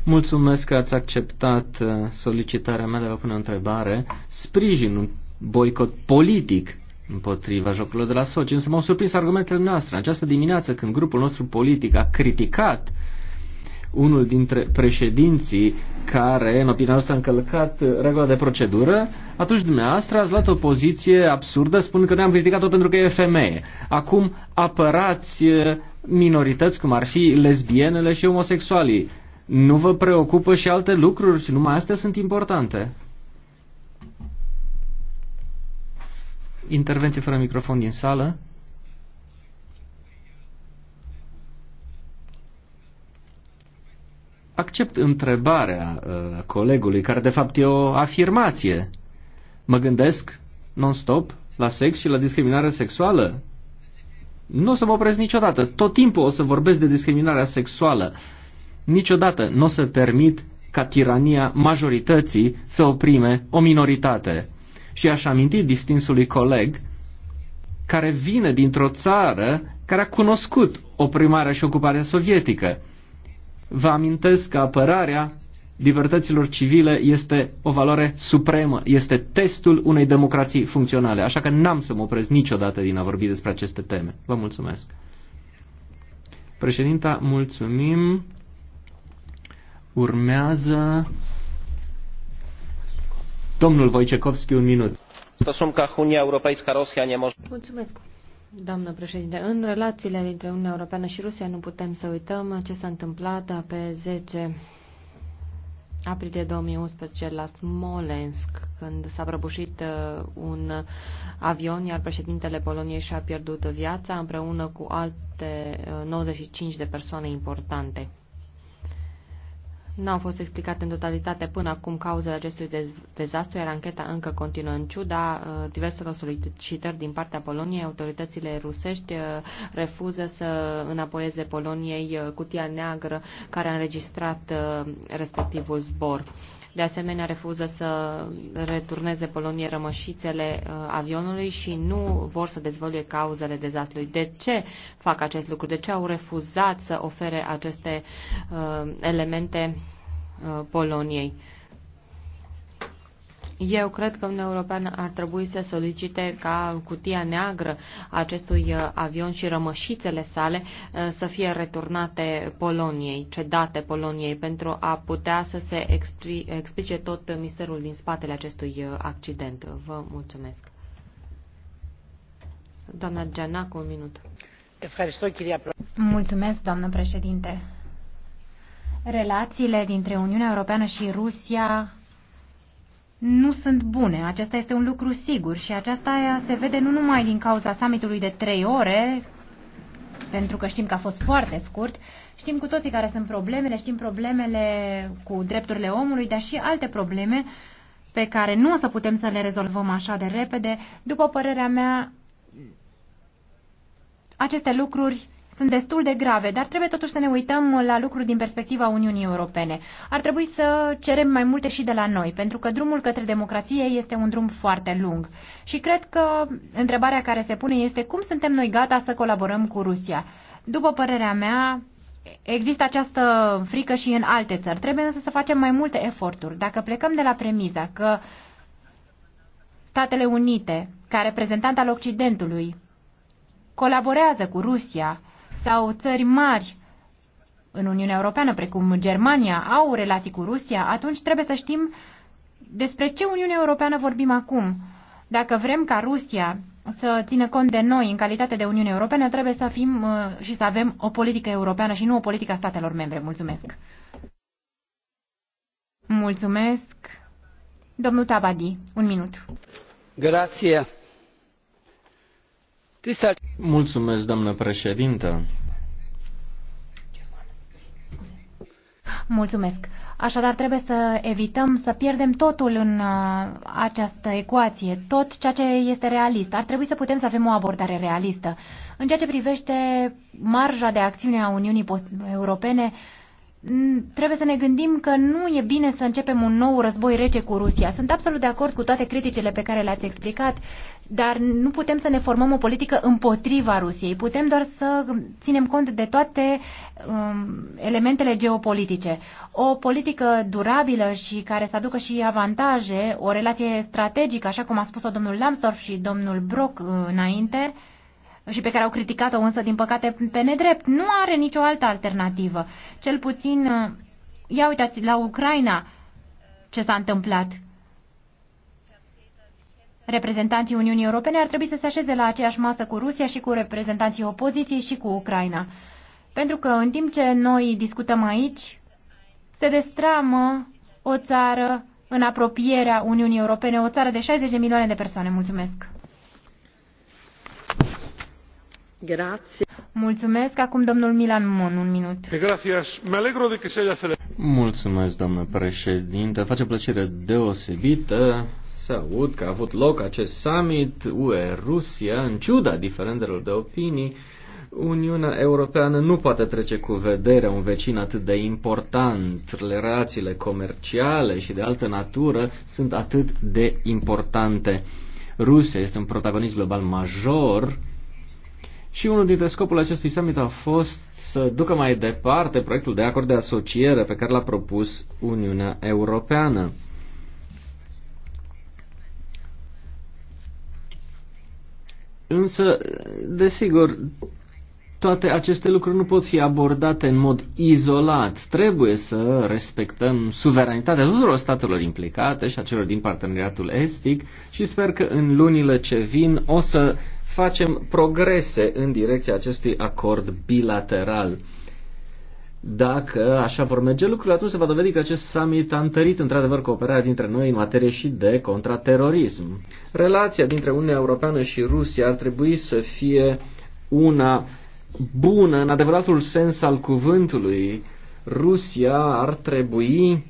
Speaker 3: Mulțumesc că ați acceptat solicitarea mea de a pune o întrebare. Sprijin un boicot politic împotriva jocurilor de la Sochi, însă m-au surprins argumentele noastre. Această dimineață, când grupul nostru politic a criticat unul dintre președinții care, în opinia noastră, a încălcat regula de procedură, atunci dumneavoastră ați luat o poziție absurdă spunând că noi am criticat-o pentru că e femeie. Acum apărați minorități cum ar fi lesbienele și homosexualii. Nu vă preocupă și alte lucruri, și numai astea sunt importante. Intervenție fără microfon din sală. accept întrebarea uh, colegului, care de fapt e o afirmație. Mă gândesc non-stop la sex și la discriminare sexuală. Nu o să mă opresc niciodată. Tot timpul o să vorbesc de discriminarea sexuală. Niciodată nu o să permit ca tirania majorității să oprime o minoritate. Și aș aminti distinsului coleg care vine dintr-o țară care a cunoscut oprimarea și ocuparea sovietică. Vă amintesc că apărarea libertăților civile este o valoare supremă, este testul unei democrații funcționale, așa că n-am să mă opresc niciodată din a vorbi despre aceste teme. Vă mulțumesc. Președinta, mulțumim. Urmează domnul Wojciechowski, un minut. Stosunkach Unia europejska Rusia nie może... Mulțumesc.
Speaker 5: Doamnă președinte, în relațiile dintre Uniunea Europeană și Rusia nu putem să uităm ce s-a întâmplat pe 10 aprilie 2011 la Smolensk, când s-a prăbușit uh, un avion, iar președintele Poloniei și-a pierdut viața împreună cu alte 95 uh, de persoane importante. Nu au fost explicate în totalitate până acum cauzele acestui dezastru, iar ancheta încă continuă în ciuda uh, diverselor solicitări din partea Poloniei. Autoritățile rusești uh, refuză să înapoieze Poloniei uh, cutia neagră care a înregistrat respectivul zbor. De asemenea, refuză să returneze Poloniei rămășițele uh, avionului și nu vor să dezvăluie cauzele dezastrului. De ce fac acest lucru? De ce au refuzat să ofere aceste uh, elemente uh, Poloniei? Eu cred că Uniunea Europeană ar trebui să solicite ca cutia neagră a acestui uh, avion și rămășițele sale uh, să fie returnate Poloniei, cedate Poloniei, pentru a putea să se explice tot misterul din spatele acestui uh, accident. Vă mulțumesc. Doamna Gianacu, un minut.
Speaker 6: Mulțumesc,
Speaker 1: doamnă președinte. Relațiile dintre Uniunea Europeană și Rusia nu sunt bune. Acesta este un lucru sigur și aceasta se vede nu numai din cauza summitului de trei ore, pentru că știm că a fost foarte scurt, știm cu toții care sunt problemele, știm problemele cu drepturile omului, dar și alte probleme pe care nu o să putem să le rezolvăm așa de repede. După părerea mea, aceste lucruri sunt destul de grave, dar trebuie totuși să ne uităm la lucruri din perspectiva Uniunii Europene. Ar trebui să cerem mai multe și de la noi, pentru că drumul către democrație este un drum foarte lung. Și cred că întrebarea care se pune este cum suntem noi gata să colaborăm cu Rusia. După părerea mea, Există această frică și în alte țări. Trebuie însă să facem mai multe eforturi. Dacă plecăm de la premiza că Statele Unite, ca reprezentant al Occidentului, colaborează cu Rusia sau țări mari în Uniunea Europeană, precum Germania, au relații cu Rusia, atunci trebuie să știm despre ce Uniune Europeană vorbim acum. Dacă vrem ca Rusia să țină cont de noi în calitate de Uniune Europeană, trebuie să fim uh, și să avem o politică europeană și nu o politică a statelor membre. Mulțumesc! Mulțumesc! Domnul Tabadi, un minut.
Speaker 3: Grazie. Mulțumesc, doamnă președintă.
Speaker 1: Mulțumesc. Așadar, trebuie să evităm să pierdem totul în uh, această ecuație, tot ceea ce este realist. Ar trebui să putem să avem o abordare realistă. În ceea ce privește marja de acțiune a Uniunii Europene, uh, trebuie să ne gândim că nu e bine să începem un nou război rece cu Rusia. Sunt absolut de acord cu toate criticile pe care le-ați explicat, dar nu putem să ne formăm o politică împotriva Rusiei. Putem doar să ținem cont de toate um, elementele geopolitice. O politică durabilă și care să aducă și avantaje, o relație strategică, așa cum a spus-o domnul Lambsdorff și domnul Brock uh, înainte, uh, și pe care au criticat-o însă, din păcate, pe nedrept. Nu are nicio altă alternativă. Cel puțin, uh, ia uitați, la Ucraina ce s-a întâmplat. Reprezentanții Uniunii Europene ar trebui să se așeze la aceeași masă cu Rusia și cu reprezentanții opoziției și cu Ucraina. Pentru că în timp ce noi discutăm aici, se destramă o țară în apropierea Uniunii Europene, o țară de 60 de milioane de persoane. Mulțumesc! Grazie. Mulțumesc. Acum domnul Milan Mon, un minut.
Speaker 3: Mulțumesc, domnule președinte. Face plăcere deosebită să aud că a avut loc acest summit UE-Rusia, în ciuda diferențelor de opinii. Uniunea Europeană nu poate trece cu vederea un vecin atât de important. Relațiile comerciale și de altă natură sunt atât de importante. Rusia este un protagonist global major și unul dintre scopurile acestui summit a fost să ducă mai departe proiectul de acord de asociere pe care l-a propus Uniunea Europeană. Însă, desigur, toate aceste lucruri nu pot fi abordate în mod izolat. Trebuie să respectăm suveranitatea tuturor statelor implicate și a celor din parteneriatul estic și sper că în lunile ce vin o să facem progrese în direcția acestui acord bilateral. Dacă așa vor merge lucrurile, atunci se va dovedi că acest summit a întărit într-adevăr cooperarea dintre noi în materie și de contraterorism. Relația dintre Uniunea Europeană și Rusia ar trebui să fie una bună, în adevăratul sens al cuvântului. Rusia ar trebui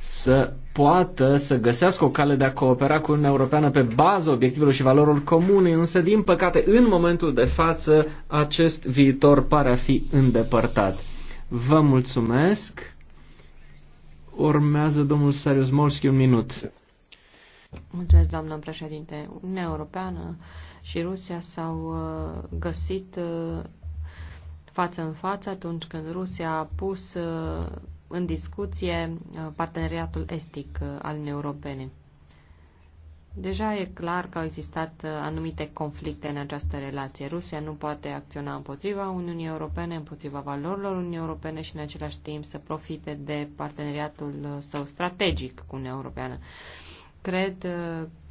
Speaker 3: să poată să găsească o cale de a coopera cu Uniunea Europeană pe bază obiectivelor și valorilor comune, însă, din păcate, în momentul de față, acest viitor pare a fi îndepărtat. Vă mulțumesc. Urmează domnul Sarius Molski un minut.
Speaker 5: Mulțumesc, doamnă președinte. Uniunea Europeană și Rusia s-au uh, găsit uh, față în față atunci când Rusia a pus uh, în discuție uh, parteneriatul estic uh, al Uniunii Europene. Deja e clar că au existat uh, anumite conflicte în această relație. Rusia nu poate acționa împotriva Uniunii Europene, împotriva valorilor Uniunii Europene și în același timp să profite de parteneriatul său strategic cu Uniunea Europeană. Cred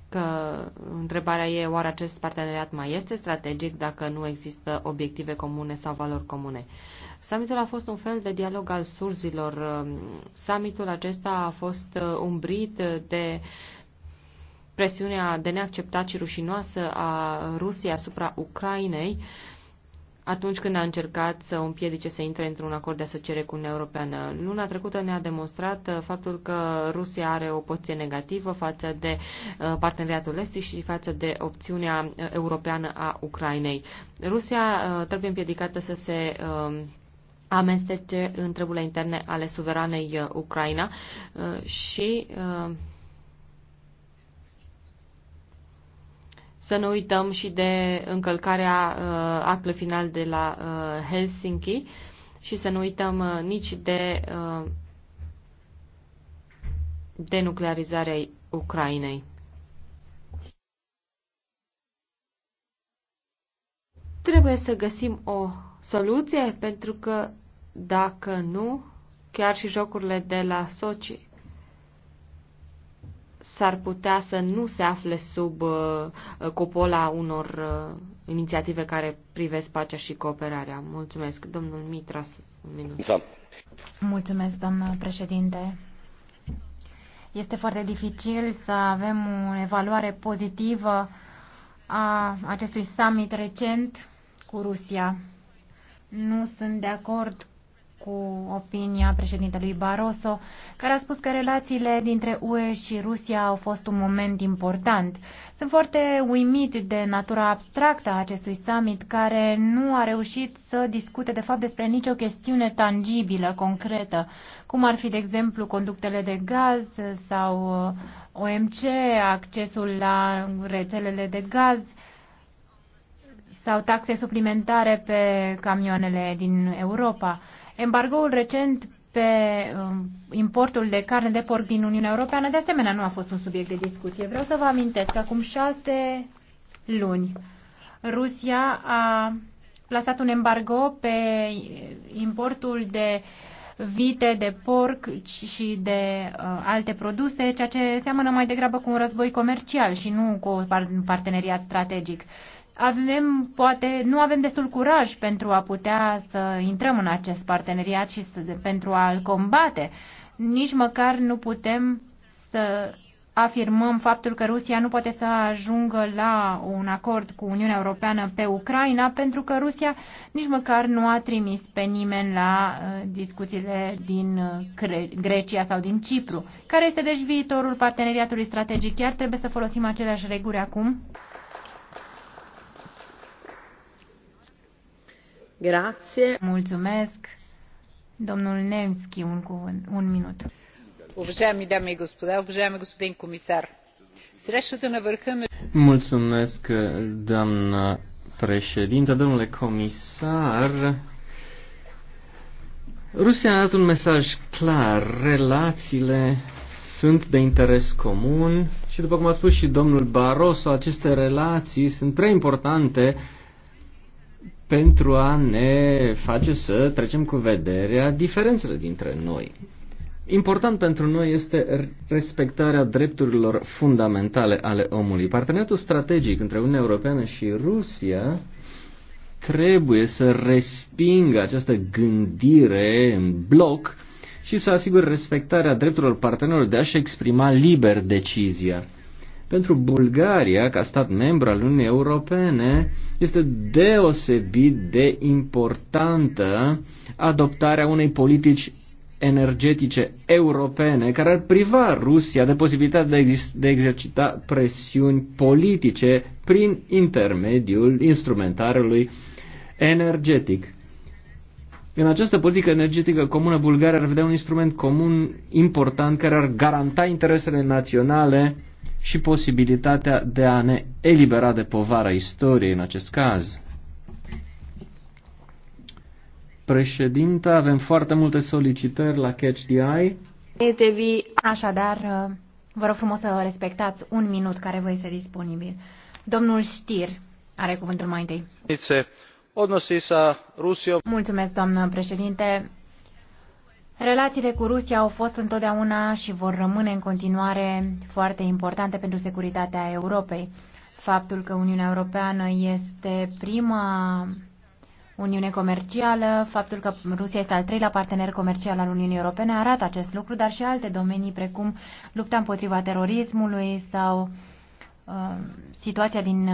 Speaker 5: că întrebarea e oare acest parteneriat mai este strategic dacă nu există obiective comune sau valori comune. Summitul a fost un fel de dialog al surzilor. Summitul acesta a fost uh, umbrit de presiunea de neacceptat și rușinoasă a Rusiei asupra Ucrainei atunci când a încercat să o împiedice să intre într-un acord de asociere cu Uniunea Europeană. Luna trecută ne-a demonstrat uh, faptul că Rusia are o poziție negativă față de uh, parteneriatul estic și față de opțiunea europeană a Ucrainei. Rusia trebuie împiedicată să se amestece în treburile interne ale suveranei uh, Ucraina uh, și uh, să nu uităm și de încălcarea actului final de la Helsinki și să nu uităm nici de denuclearizarea Ucrainei. Trebuie să găsim o soluție pentru că dacă nu, chiar și jocurile de la Sochi s-ar putea să nu se afle sub uh, copola unor uh, inițiative care privesc pacea și cooperarea. Mulțumesc, domnul Mitras. Un minut.
Speaker 3: Da.
Speaker 1: Mulțumesc, doamnă președinte. Este foarte dificil să avem o evaluare pozitivă a acestui summit recent cu Rusia. Nu sunt de acord cu opinia președintelui Barroso, care a spus că relațiile dintre UE și Rusia au fost un moment important. Sunt foarte uimit de natura abstractă a acestui summit, care nu a reușit să discute, de fapt, despre nicio chestiune tangibilă, concretă, cum ar fi, de exemplu, conductele de gaz sau uh, OMC, accesul la rețelele de gaz, sau taxe suplimentare pe camioanele din Europa. Embargoul recent pe um, importul de carne de porc din Uniunea Europeană, de asemenea, nu a fost un subiect de discuție. Vreau să vă amintesc că acum șase luni Rusia a plasat un embargo pe importul de vite, de porc și de uh, alte produse, ceea ce seamănă mai degrabă cu un război comercial și nu cu un parteneriat strategic avem, poate, nu avem destul curaj pentru a putea să intrăm în acest parteneriat și să, pentru a-l combate. Nici măcar nu putem să afirmăm faptul că Rusia nu poate să ajungă la un acord cu Uniunea Europeană pe Ucraina, pentru că Rusia nici măcar nu a trimis pe nimeni la uh, discuțiile din uh, Grecia sau din Cipru. Care este deci viitorul parteneriatului strategic? Chiar trebuie să folosim aceleași reguli acum?
Speaker 4: Grazie.
Speaker 1: Mulțumesc. Domnul Nemski, un, cuvânt, un minut. Уважаеми
Speaker 4: дами и господа, уважаеми господин комисар, срещата на върха...
Speaker 3: Mulțumesc, doamna președintă, domnule comisar. Rusia a dat un mesaj clar. Relațiile sunt de interes comun și, după cum a spus și domnul Barroso, aceste relații sunt prea importante pentru a ne face să trecem cu vederea diferențele dintre noi. Important pentru noi este respectarea drepturilor fundamentale ale omului. Parteneriatul strategic între Uniunea Europeană și Rusia trebuie să respingă această gândire în bloc și să asigure respectarea drepturilor partenerilor de a-și exprima liber decizia. Pentru Bulgaria, ca stat membru al Uniunii Europene, este deosebit de importantă adoptarea unei politici energetice europene care ar priva Rusia de posibilitatea de, ex- de exercita presiuni politice prin intermediul instrumentarului energetic. În această politică energetică comună, Bulgaria ar vedea un instrument comun important care ar garanta interesele naționale și posibilitatea de a ne elibera de povara istoriei în acest caz. Președinta, avem foarte multe solicitări la Catch the Eye.
Speaker 1: Așadar, vă rog frumos să respectați un minut care vă este disponibil. Domnul Știr are cuvântul mai întâi. Mulțumesc, doamnă președinte Relațiile cu Rusia au fost întotdeauna și vor rămâne în continuare foarte importante pentru securitatea Europei. Faptul că Uniunea Europeană este prima Uniune comercială, faptul că Rusia este al treilea partener comercial al Uniunii Europene arată acest lucru, dar și alte domenii precum lupta împotriva terorismului sau uh, situația din uh,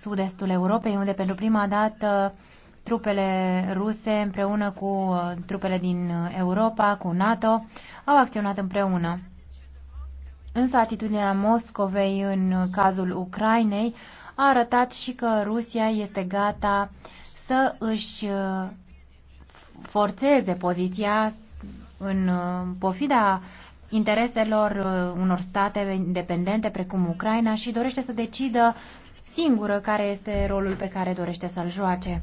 Speaker 1: sud-estul Europei, unde pentru prima dată uh, Trupele ruse împreună cu uh, trupele din uh, Europa, cu NATO, au acționat împreună. Însă atitudinea Moscovei în uh, cazul Ucrainei a arătat și că Rusia este gata să își forțeze poziția în pofida intereselor unor state independente precum Ucraina și dorește să decidă singură care este rolul pe care dorește să-l joace.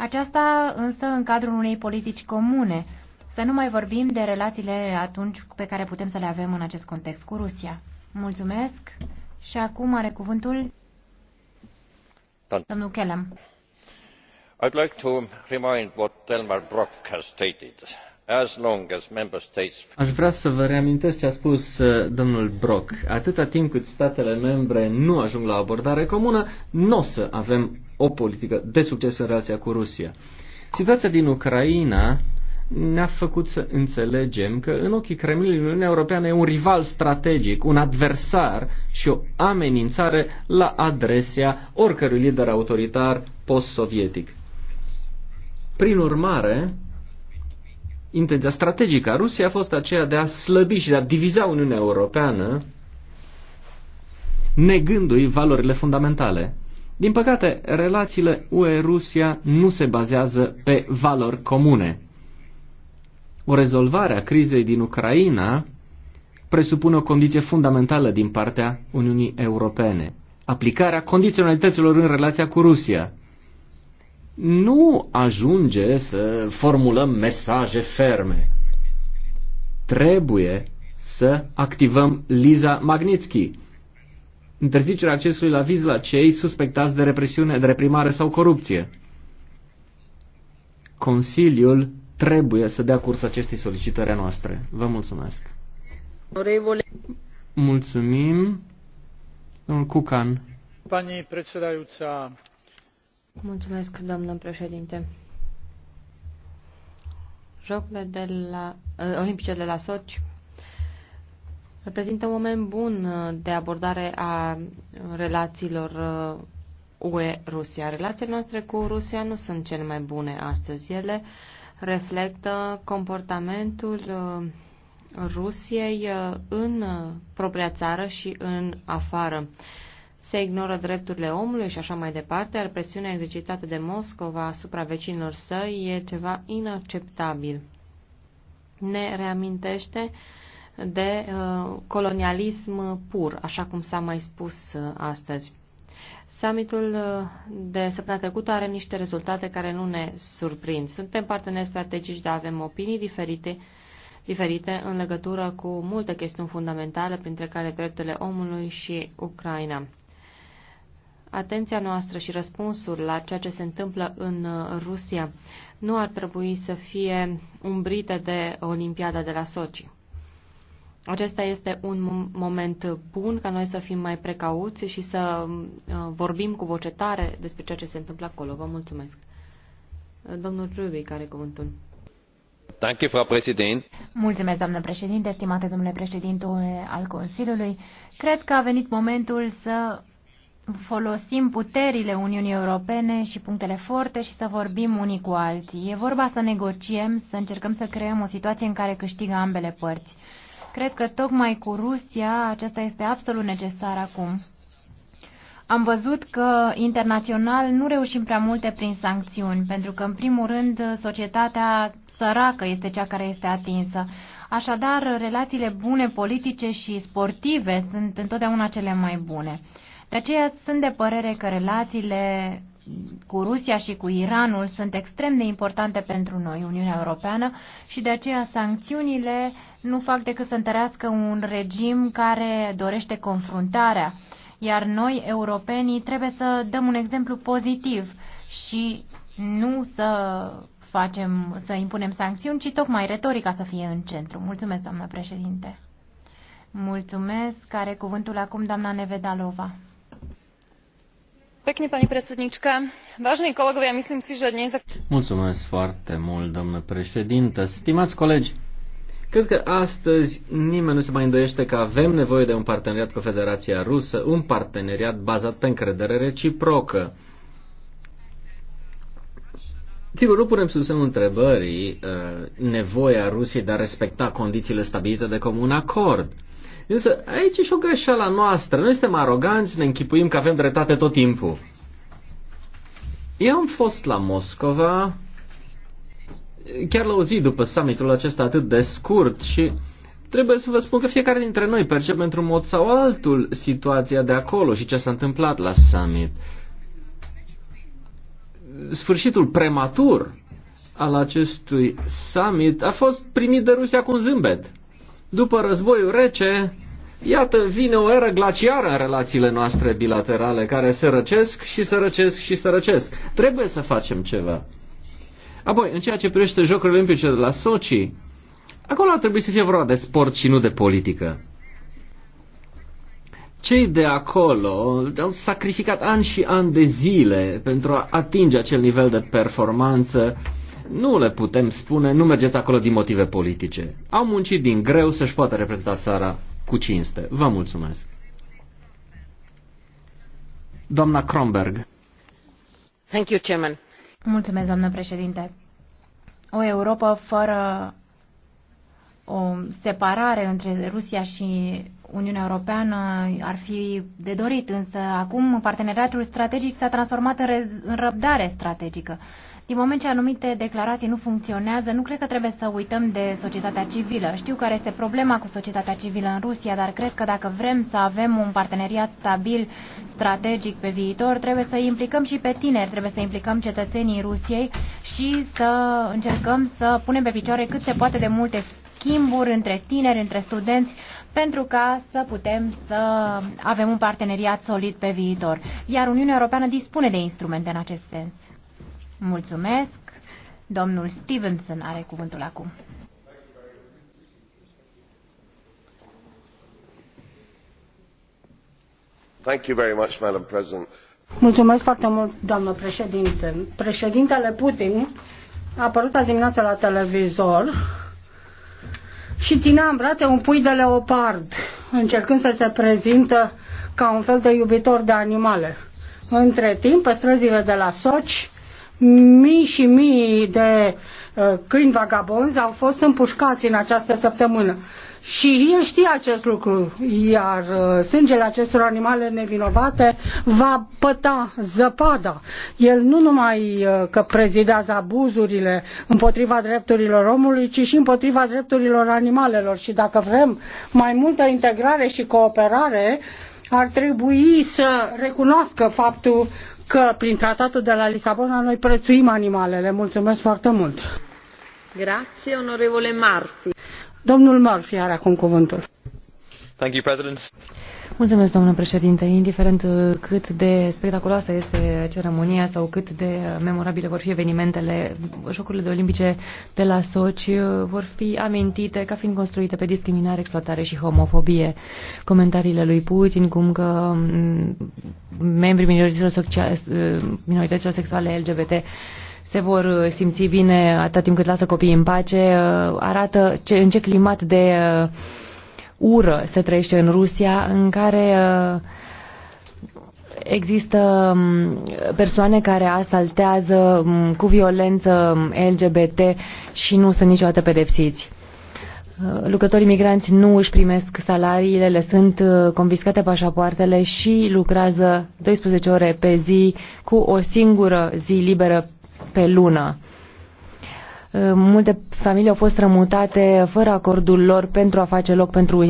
Speaker 1: Aceasta însă în cadrul unei politici comune. Să nu mai vorbim de relațiile atunci pe care putem să le avem în acest context cu Rusia. Mulțumesc și acum are cuvântul
Speaker 3: domnul Kellam. I'd like to remind what Delmar Brock has stated Aș vrea să vă reamintesc ce a spus uh, domnul Brock. Atâta timp cât statele membre nu ajung la abordare comună, nu o să avem o politică de succes în relația cu Rusia. Situația din Ucraina ne-a făcut să înțelegem că în ochii Kremlinului Uniunea Europeană e un rival strategic, un adversar și o amenințare la adresa oricărui lider autoritar post-sovietic. Prin urmare, intenția strategică a Rusiei a fost aceea de a slăbi și de a diviza Uniunea Europeană, negându-i valorile fundamentale. Din păcate, relațiile UE-Rusia nu se bazează pe valori comune. O rezolvare a crizei din Ucraina presupune o condiție fundamentală din partea Uniunii Europene, aplicarea condiționalităților în relația cu Rusia – nu ajunge să formulăm mesaje ferme. Trebuie să activăm Liza Magnitsky, interzicerea accesului la viz la cei suspectați de represiune, de reprimare sau corupție. Consiliul trebuie să dea curs acestei solicitări noastre. Vă mulțumesc. Mulțumim. Domnul Cucan. Pani predsedajúca,
Speaker 5: Mulțumesc, doamnă președinte. Jocurile de la, uh, olimpice de la Sochi reprezintă un moment bun eh, de abordare a relațiilor eh, UE-Rusia. Relațiile noastre cu Rusia nu sunt cele mai bune astăzi. Ele reflectă comportamentul Rusiei în propria țară și în afară se ignoră drepturile omului și așa mai departe, iar presiunea exercitată de Moscova asupra vecinilor săi e ceva inacceptabil. Ne reamintește de uh, colonialism pur, așa cum s-a mai spus uh, astăzi. Summitul uh, de săptămâna trecută are niște rezultate care nu ne surprind. Suntem parteneri strategici, dar avem opinii diferite, diferite în legătură cu multe chestiuni fundamentale, printre care drepturile omului și Ucraina. Atenția noastră și răspunsul la ceea ce se întâmplă în uh, Rusia nu ar trebui să fie umbrite de Olimpiada de la Sochi. Acesta este un moment bun ca noi să fim mai precauți și să uh, vorbim cu voce tare despre ceea ce se întâmplă acolo. Vă mulțumesc. Domnul Rubi, care cuvântul.
Speaker 1: Mulțumesc, doamnă președinte, estimate domnule președinte al Consiliului. Cred că a venit momentul să folosim puterile Uniunii Europene și punctele forte și să vorbim unii cu alții. E vorba să negociem, să încercăm să creăm o situație în care câștigă ambele părți. Cred că tocmai cu Rusia aceasta este absolut necesar acum. Am văzut că internațional nu reușim prea multe prin sancțiuni, pentru că, în primul rând, societatea săracă este cea care este atinsă. Așadar, relațiile bune politice și sportive sunt întotdeauna cele mai bune. De aceea sunt de părere că relațiile cu Rusia și cu Iranul sunt extrem de importante pentru noi, Uniunea Europeană, și de aceea sancțiunile nu fac decât să întărească un regim care dorește confruntarea. Iar noi, europenii, trebuie să dăm un exemplu pozitiv și nu să facem, să impunem sancțiuni, ci tocmai retorica să fie în centru. Mulțumesc, doamnă președinte. Mulțumesc. Care cuvântul acum, doamna Nevedalova.
Speaker 3: Mulțumesc foarte mult, domnule președinte. Stimați colegi, cred că astăzi nimeni nu se mai îndoiește că avem nevoie de un parteneriat cu Federația Rusă, un parteneriat bazat pe încredere reciprocă. Sigur, nu punem sub semnul întrebării uh, nevoia Rusiei de a respecta condițiile stabilite de comun acord. Însă aici e și o greșeală noastră. Noi suntem aroganți, ne închipuim că avem dreptate tot timpul. Eu am fost la Moscova chiar la o zi după summitul acesta atât de scurt și trebuie să vă spun că fiecare dintre noi percepe într-un mod sau altul situația de acolo și ce s-a întâmplat la summit. Sfârșitul prematur al acestui summit a fost primit de Rusia cu un zâmbet. După războiul rece, iată, vine o eră glaciară în relațiile noastre bilaterale, care se răcesc și se răcesc și se răcesc. Trebuie să facem ceva. Apoi, în ceea ce privește Jocurile Olimpice de la Sochi, acolo ar trebui să fie vorba de sport și nu de politică. Cei de acolo au sacrificat ani și ani de zile pentru a atinge acel nivel de performanță uh, nu le putem spune, nu mergeți acolo din motive politice. Au muncit din greu să-și poată reprezenta țara cu cinste. Vă mulțumesc. Doamna Kronberg.
Speaker 1: Thank you, Chairman. Mulțumesc, doamnă președinte. O Europa fără o separare între Rusia și Uniunea Europeană ar fi de dorit, însă acum parteneriatul strategic s-a transformat în, în răbdare strategică. Din moment ce anumite declarații nu funcționează, nu cred că trebuie să uităm de societatea civilă. Știu care este problema cu societatea civilă în Rusia, dar cred că dacă vrem să avem un parteneriat stabil, strategic pe viitor, trebuie să implicăm și pe tineri, trebuie să implicăm cetățenii Rusiei și să încercăm să punem pe picioare cât se poate de multe schimburi între tineri, între studenți, pentru ca să putem să avem un parteneriat solid pe viitor. Iar Uniunea Europeană dispune de instrumente în acest sens. Mulțumesc. Domnul Stevenson are cuvântul acum.
Speaker 2: Thank you very much, Madam President.
Speaker 4: Mulțumesc foarte mult, doamnă președinte. Președintele Putin a apărut azi dimineața la televizor și ținea în brațe un pui de leopard, încercând să se prezintă ca un fel de iubitor de animale. Între timp, pe străzile de la Soci, Mii și mii de uh, câini vagabonzi au fost împușcați în această săptămână. Și el știe acest lucru, iar uh, sângele acestor animale nevinovate va păta zăpada. El nu numai uh, că prezidează abuzurile împotriva drepturilor omului, ci și împotriva drepturilor animalelor. Și dacă vrem mai multă integrare și cooperare, ar trebui să recunoască faptul că prin tratatul de la Lisabona noi prețuim animalele. Mulțumesc foarte mult! Grazie, onorevole Murphy. Domnul Murphy are acum cuvântul.
Speaker 1: Thank you, President.
Speaker 2: Mulțumesc, domnule președinte. Indiferent uh, cât de spectaculoasă este ceremonia sau cât de memorabile vor fi evenimentele, Jocurile de Olimpice de la Soci uh, vor fi amintite ca fiind construite pe discriminare, exploatare și homofobie. Comentariile lui Putin, cum că mm, membrii minorităților, uh, minorităților sexuale LGBT se vor simți bine atât timp cât lasă copiii în pace, arată ce, în ce climat de uh, ură se trăiește în Rusia, în care uh, există um, persoane care asaltează um, cu violență um, LGBT și nu sunt niciodată pedepsiți. Uh, lucrătorii migranți nu își primesc salariile, le sunt uh, confiscate pașapoartele și lucrează 12 ore pe zi cu o singură zi liberă pe lună. Uh, multe familii au fost rămutate fără acordul lor pentru a face loc pentru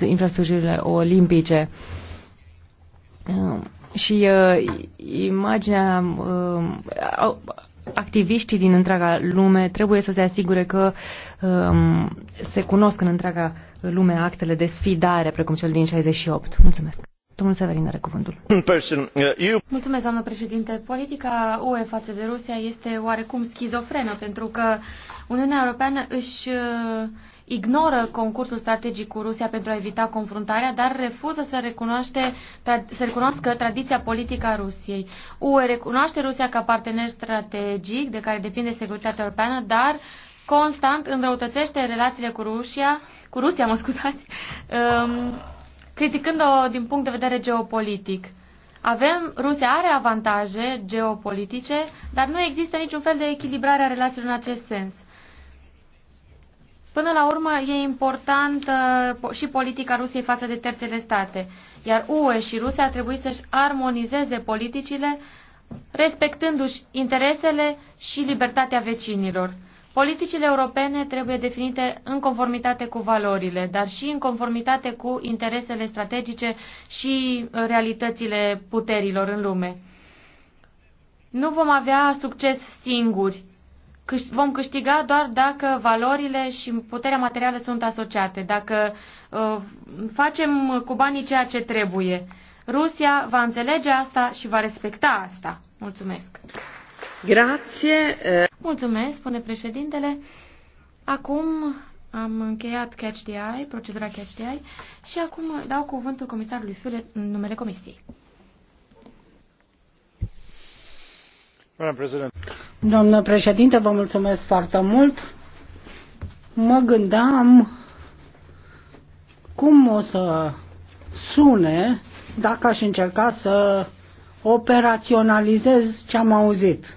Speaker 2: infrastructurile, olimpice. Uh, și uh, imaginea activiștii din întreaga lume trebuie să se asigure că um, se cunosc în întreaga lume actele de sfidare, precum cel din 68. Mulțumesc! Domnul Severin are cuvântul.
Speaker 3: Uh,
Speaker 6: Mulțumesc, doamnă președinte. Politica UE față de Rusia este oarecum schizofrenă, pentru că Uniunea Europeană își uh, ignoră concursul strategic cu Rusia pentru a evita confruntarea, dar refuză să, recunoaște, să recunoască tradiția politică a Rusiei. UE recunoaște Rusia ca partener strategic de care depinde securitatea europeană, dar constant înrăutățește relațiile cu Rusia, cu Rusia, mă scuzați, um, criticând-o din punct de vedere geopolitic. Avem, Rusia are avantaje geopolitice, dar nu există niciun fel de echilibrare a relațiilor în acest sens. Până la urmă, e importantă uh, și politica Rusiei față de terțele state, iar UE și Rusia ar trebui să-și armonizeze politicile, respectându-și interesele și libertatea vecinilor. Politicile europene trebuie definite în conformitate cu valorile, dar și în conformitate cu interesele strategice și uh, realitățile puterilor în lume. Nu vom avea succes singuri. Vom câștiga doar dacă valorile și puterea materială sunt asociate, dacă uh, facem cu banii ceea ce trebuie. Rusia va înțelege asta și va respecta asta. Mulțumesc! Grazie! Mulțumesc, spune președintele. Acum am încheiat Catch the Eye, procedura Catch the Eye și acum dau cuvântul comisarului Fiule în numele comisiei.
Speaker 4: Doamnă președinte, vă mulțumesc foarte mult. Mă gândeam cum o să sune dacă aș încerca să operaționalizez ce am auzit.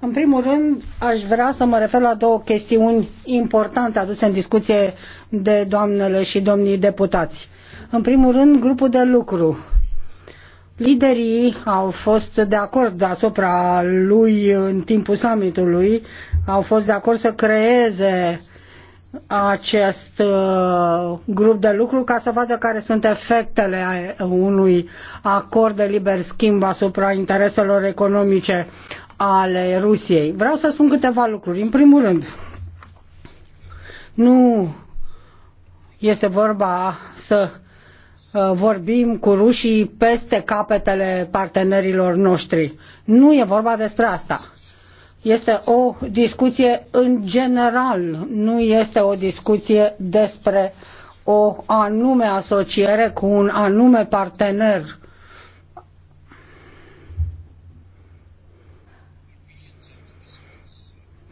Speaker 4: În primul rând, aș vrea să mă refer la două chestiuni importante aduse în discuție de doamnele și domnii deputați. În primul rând, grupul de lucru. Liderii au fost de acord asupra lui în timpul summitului, au fost de acord să creeze acest uh, grup de lucru ca să vadă care sunt efectele unui acord de liber schimb asupra intereselor economice ale Rusiei. Vreau să spun câteva lucruri. În primul rând, nu este vorba să uh, vorbim cu rușii peste capetele partenerilor noștri. Nu e vorba despre asta. Este o discuție în general, nu este o discuție despre o anume asociere cu un anume partener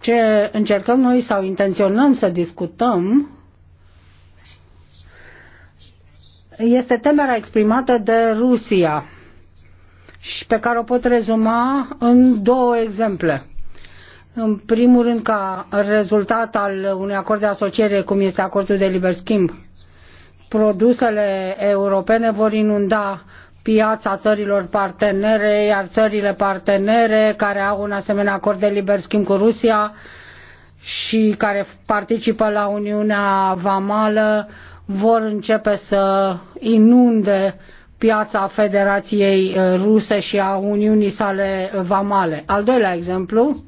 Speaker 4: Ce încercăm noi sau intenționăm să discutăm este temerea exprimată de Rusia și pe care o pot rezuma în două exemple. În primul rând, ca rezultat al unui acord de asociere, cum este acordul de liber schimb, produsele europene vor inunda piața țărilor partenere, iar țările partenere care au un asemenea acord de liber schimb cu Rusia și care participă la Uniunea Vamală vor începe să inunde piața Federației Ruse și a Uniunii sale vamale. Al doilea exemplu,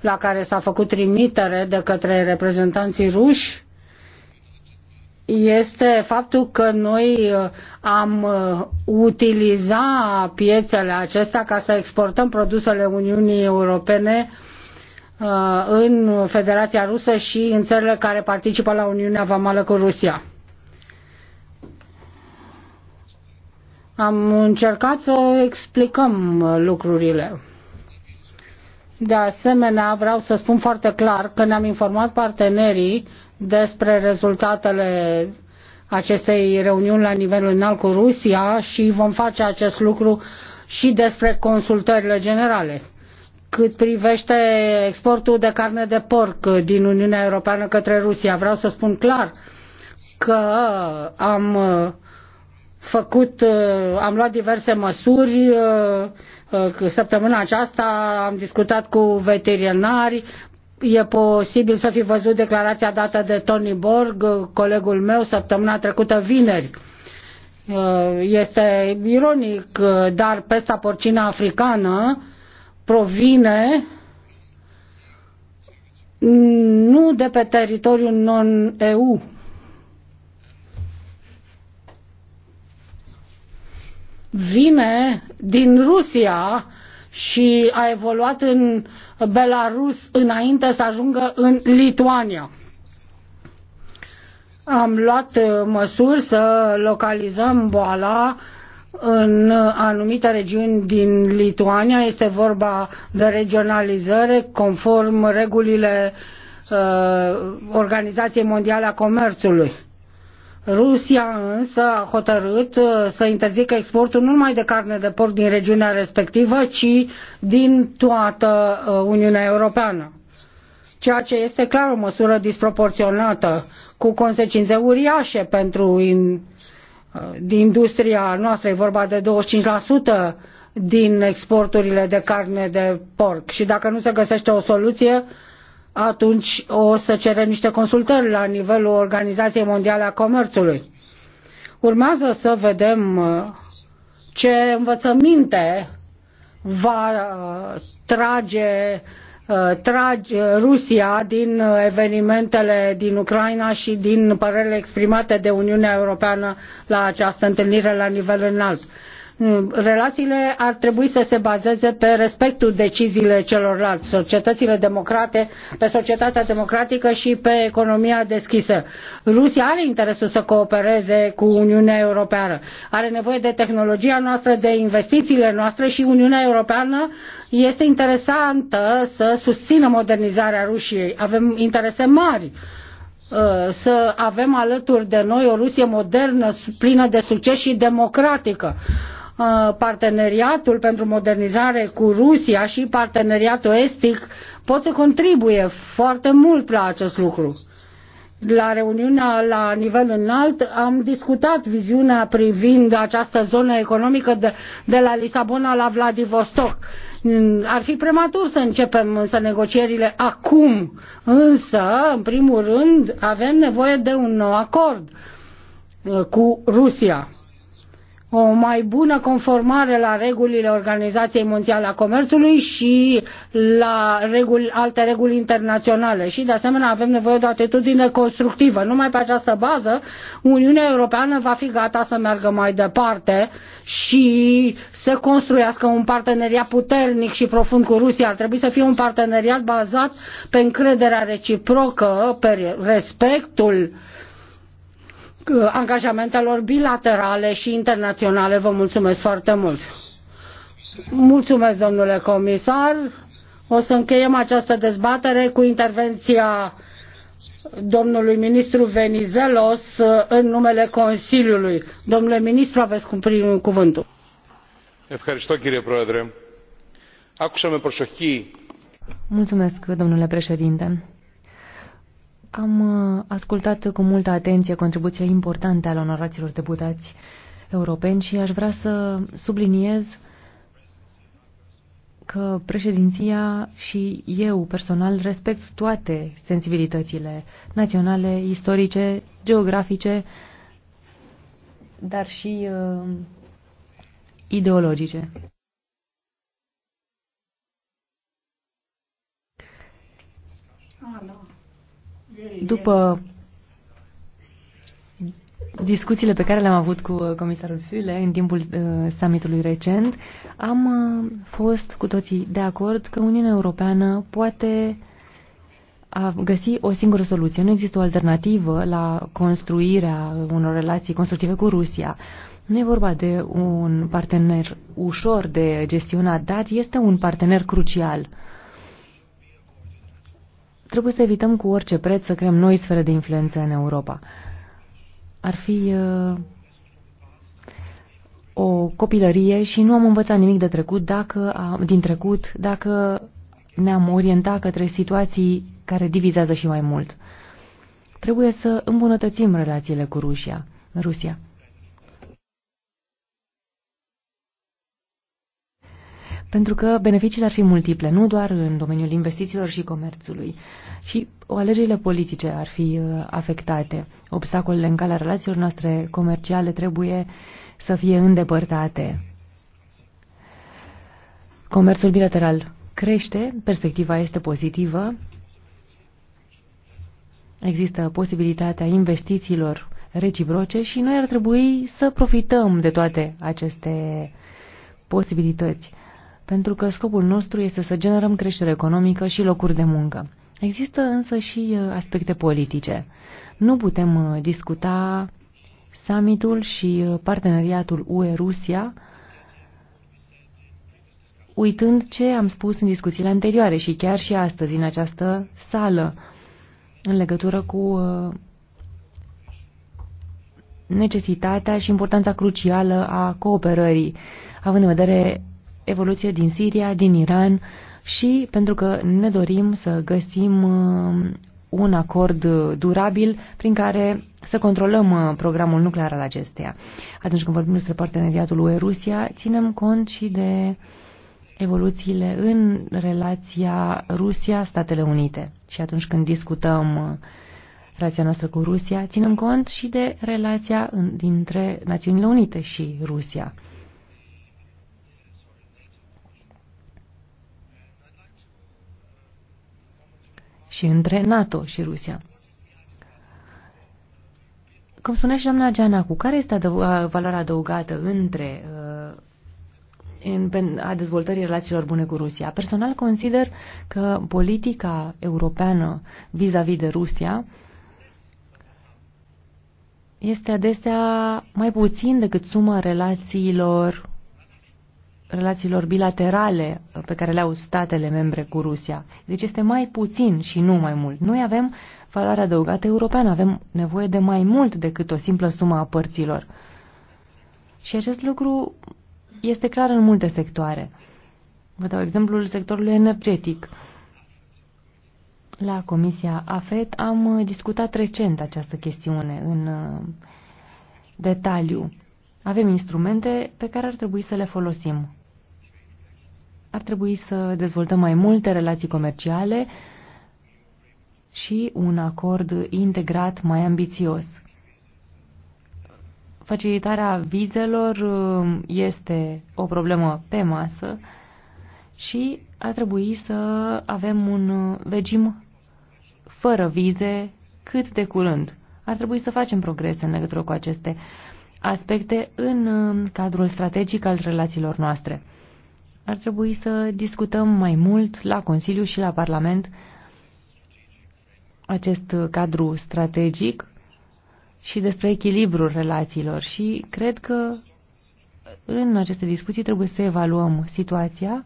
Speaker 4: la care s-a făcut trimitere de către reprezentanții ruși, este faptul că noi uh, am uh, utiliza piețele acestea ca să exportăm produsele Uniunii Europene uh, în Federația Rusă și în țările care participă la Uniunea Vamală cu Rusia. Am încercat să explicăm lucrurile. De asemenea, vreau să spun foarte clar că ne-am informat partenerii despre rezultatele acestei reuniuni la nivel înalt cu Rusia și vom face acest lucru și despre consultările generale. Cât privește exportul de carne de porc din Uniunea Europeană către Rusia, vreau să spun clar că am uh, făcut, uh, am luat diverse măsuri uh, săptămâna aceasta am discutat cu veterinari E posibil să fi văzut declarația dată de Tony Borg, colegul meu, săptămâna trecută, vineri. Uh, este ironic, uh, dar pesta porcină africană provine nu de pe teritoriul non-EU. Vine din Rusia și a evoluat în Belarus înainte să ajungă în Lituania. Am luat uh, măsuri să localizăm boala în anumite regiuni din Lituania. Este vorba de regionalizare conform regulile uh, Organizației Mondiale a Comerțului Rusia însă a hotărât uh, să interzică exportul nu numai de carne de porc din regiunea respectivă, ci din toată uh, Uniunea Europeană ceea ce este clar o măsură disproporționată, cu consecințe uriașe pentru in, uh, din industria noastră. E vorba de 25% din exporturile de carne de porc. Și dacă nu se găsește o soluție, atunci o să cerem niște consultări la nivelul Organizației Mondiale a Comerțului. Urmează să vedem uh, ce învățăminte va uh, trage, uh, trage Rusia din evenimentele din Ucraina și din părerile exprimate de Uniunea Europeană la această întâlnire la nivel înalt. Hmm, relațiile ar trebui să se bazeze pe respectul deciziile celorlalți, societățile democrate, pe societatea democratică și pe economia deschisă. Rusia are interesul să coopereze cu Uniunea Europeană. Are nevoie de tehnologia noastră, de investițiile noastre și Uniunea Europeană este interesantă să susțină modernizarea Rusiei. Avem interese mari uh, să avem alături de noi o Rusie modernă, plină de succes și democratică. Uh, parteneriatul pentru modernizare cu Rusia și parteneriatul estic pot să contribuie foarte mult la acest lucru. La reuniunea la nivel înalt am discutat viziunea privind această zonă economică de, de la Lisabona la Vladivostok. Ar fi prematur să începem însă negocierile acum, însă, în primul rând, avem nevoie de un nou acord uh, cu Rusia o mai bună conformare la regulile Organizației Mondiale a Comerțului și la reguli, alte reguli internaționale. Și, de asemenea, avem nevoie de o atitudine constructivă. Numai pe această bază, Uniunea Europeană va fi gata să meargă mai departe și să construiască un parteneriat puternic și profund cu Rusia. Ar trebui să fie un parteneriat bazat pe încrederea reciprocă, pe respectul Uh, angajamentelor bilaterale și internaționale. Vă mulțumesc foarte mult. Mulțumesc, domnule comisar. O să încheiem această dezbatere cu intervenția domnului ministru Venizelos în numele Consiliului. Domnule ministru, aveți cuvântul.
Speaker 2: Mulțumesc, domnule președinte. Am uh, ascultat cu multă atenție contribuțiile importante ale onoraților deputați europeni și aș vrea să subliniez că președinția și eu personal respect toate sensibilitățile naționale, istorice, geografice, dar și uh, ideologice.
Speaker 4: Ah, no. Da. După
Speaker 2: discuțiile pe care le-am avut cu uh, comisarul Füle în timpul uh, summitului recent, am uh, fost cu toții de acord că Uniunea Europeană poate a găsi o singură soluție. Nu există o alternativă la construirea unor relații constructive cu Rusia. Nu e vorba de un partener ușor de gestionat, dar este un partener crucial. Trebuie să evităm cu orice preț să creăm noi sfere de influență în Europa. Ar fi uh, o copilărie și nu am învățat nimic de trecut dacă, din trecut dacă ne-am orientat către situații care divizează și mai mult. Trebuie să îmbunătățim relațiile cu Rusia. Rusia. pentru că beneficiile ar fi multiple, nu doar în domeniul investițiilor și comerțului. Și alegerile politice ar fi uh, afectate. Obstacolele în calea relațiilor noastre comerciale trebuie să fie îndepărtate. Comerțul bilateral crește, perspectiva este pozitivă, există posibilitatea investițiilor reciproce și noi ar trebui să profităm de toate aceste posibilități pentru că scopul nostru este să generăm creștere economică și locuri de muncă. Există însă și uh, aspecte politice. Nu putem uh, discuta summitul și uh, parteneriatul UE-Rusia uitând ce am spus în discuțiile anterioare și chiar și astăzi în această sală în legătură cu necesitatea și importanța crucială a cooperării, având în vedere evoluție din Siria, din Iran și pentru că ne dorim să găsim uh, un acord durabil prin care să controlăm uh, programul nuclear al acesteia. Atunci când vorbim despre parteneriatul UE-Rusia, ținem cont și de evoluțiile în relația Rusia-Statele Unite. Și atunci când discutăm uh, relația noastră cu Rusia, ținem cont și de relația dintre Națiunile Unite și Rusia. și între NATO și Rusia. Cum spunea și doamna cu care este valoarea adăugată între uh, în, a dezvoltării relațiilor bune cu Rusia. Personal consider că politica europeană vis-a-vis -vis de Rusia este adesea mai puțin decât suma relațiilor relațiilor bilaterale pe care le au statele membre cu Rusia. Deci este mai puțin și nu mai mult. Noi avem valoare adăugată europeană, avem nevoie de mai mult decât o simplă sumă a părților. Și acest lucru este clar în multe sectoare. Vă dau exemplul sectorului energetic. La Comisia AFET am discutat recent această chestiune în uh, detaliu. Avem instrumente pe care ar trebui să le folosim ar trebui să dezvoltăm mai multe relații comerciale și un acord integrat mai ambițios. Facilitarea vizelor uh, este o problemă pe masă și ar trebui să avem un uh, regim fără vize cât de curând. Ar trebui să facem progrese în legătură cu aceste aspecte în uh, cadrul strategic al relațiilor noastre. Ar trebui să discutăm mai mult la Consiliu și la Parlament acest cadru strategic și despre echilibrul relațiilor și cred că în aceste discuții trebuie să evaluăm situația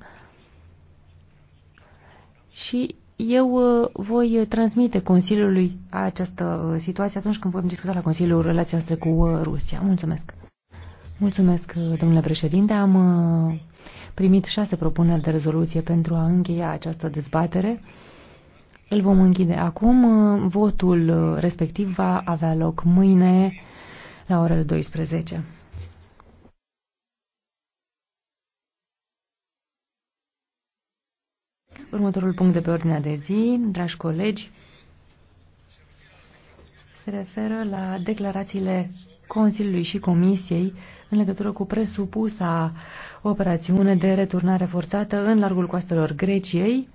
Speaker 2: și eu uh, voi transmite Consiliului această uh, situație atunci când vom discuta la Consiliul relația noastră cu uh, Rusia. Mulțumesc! Mulțumesc, domnule președinte. Am primit șase propuneri de rezoluție pentru a încheia această dezbatere. Îl vom închide acum. Votul respectiv va avea loc mâine la orele 12. Următorul punct de pe ordinea de zi, dragi colegi, se referă la declarațiile Consiliului și Comisiei în legătură cu presupusa operațiune de returnare forțată în largul coastelor Greciei,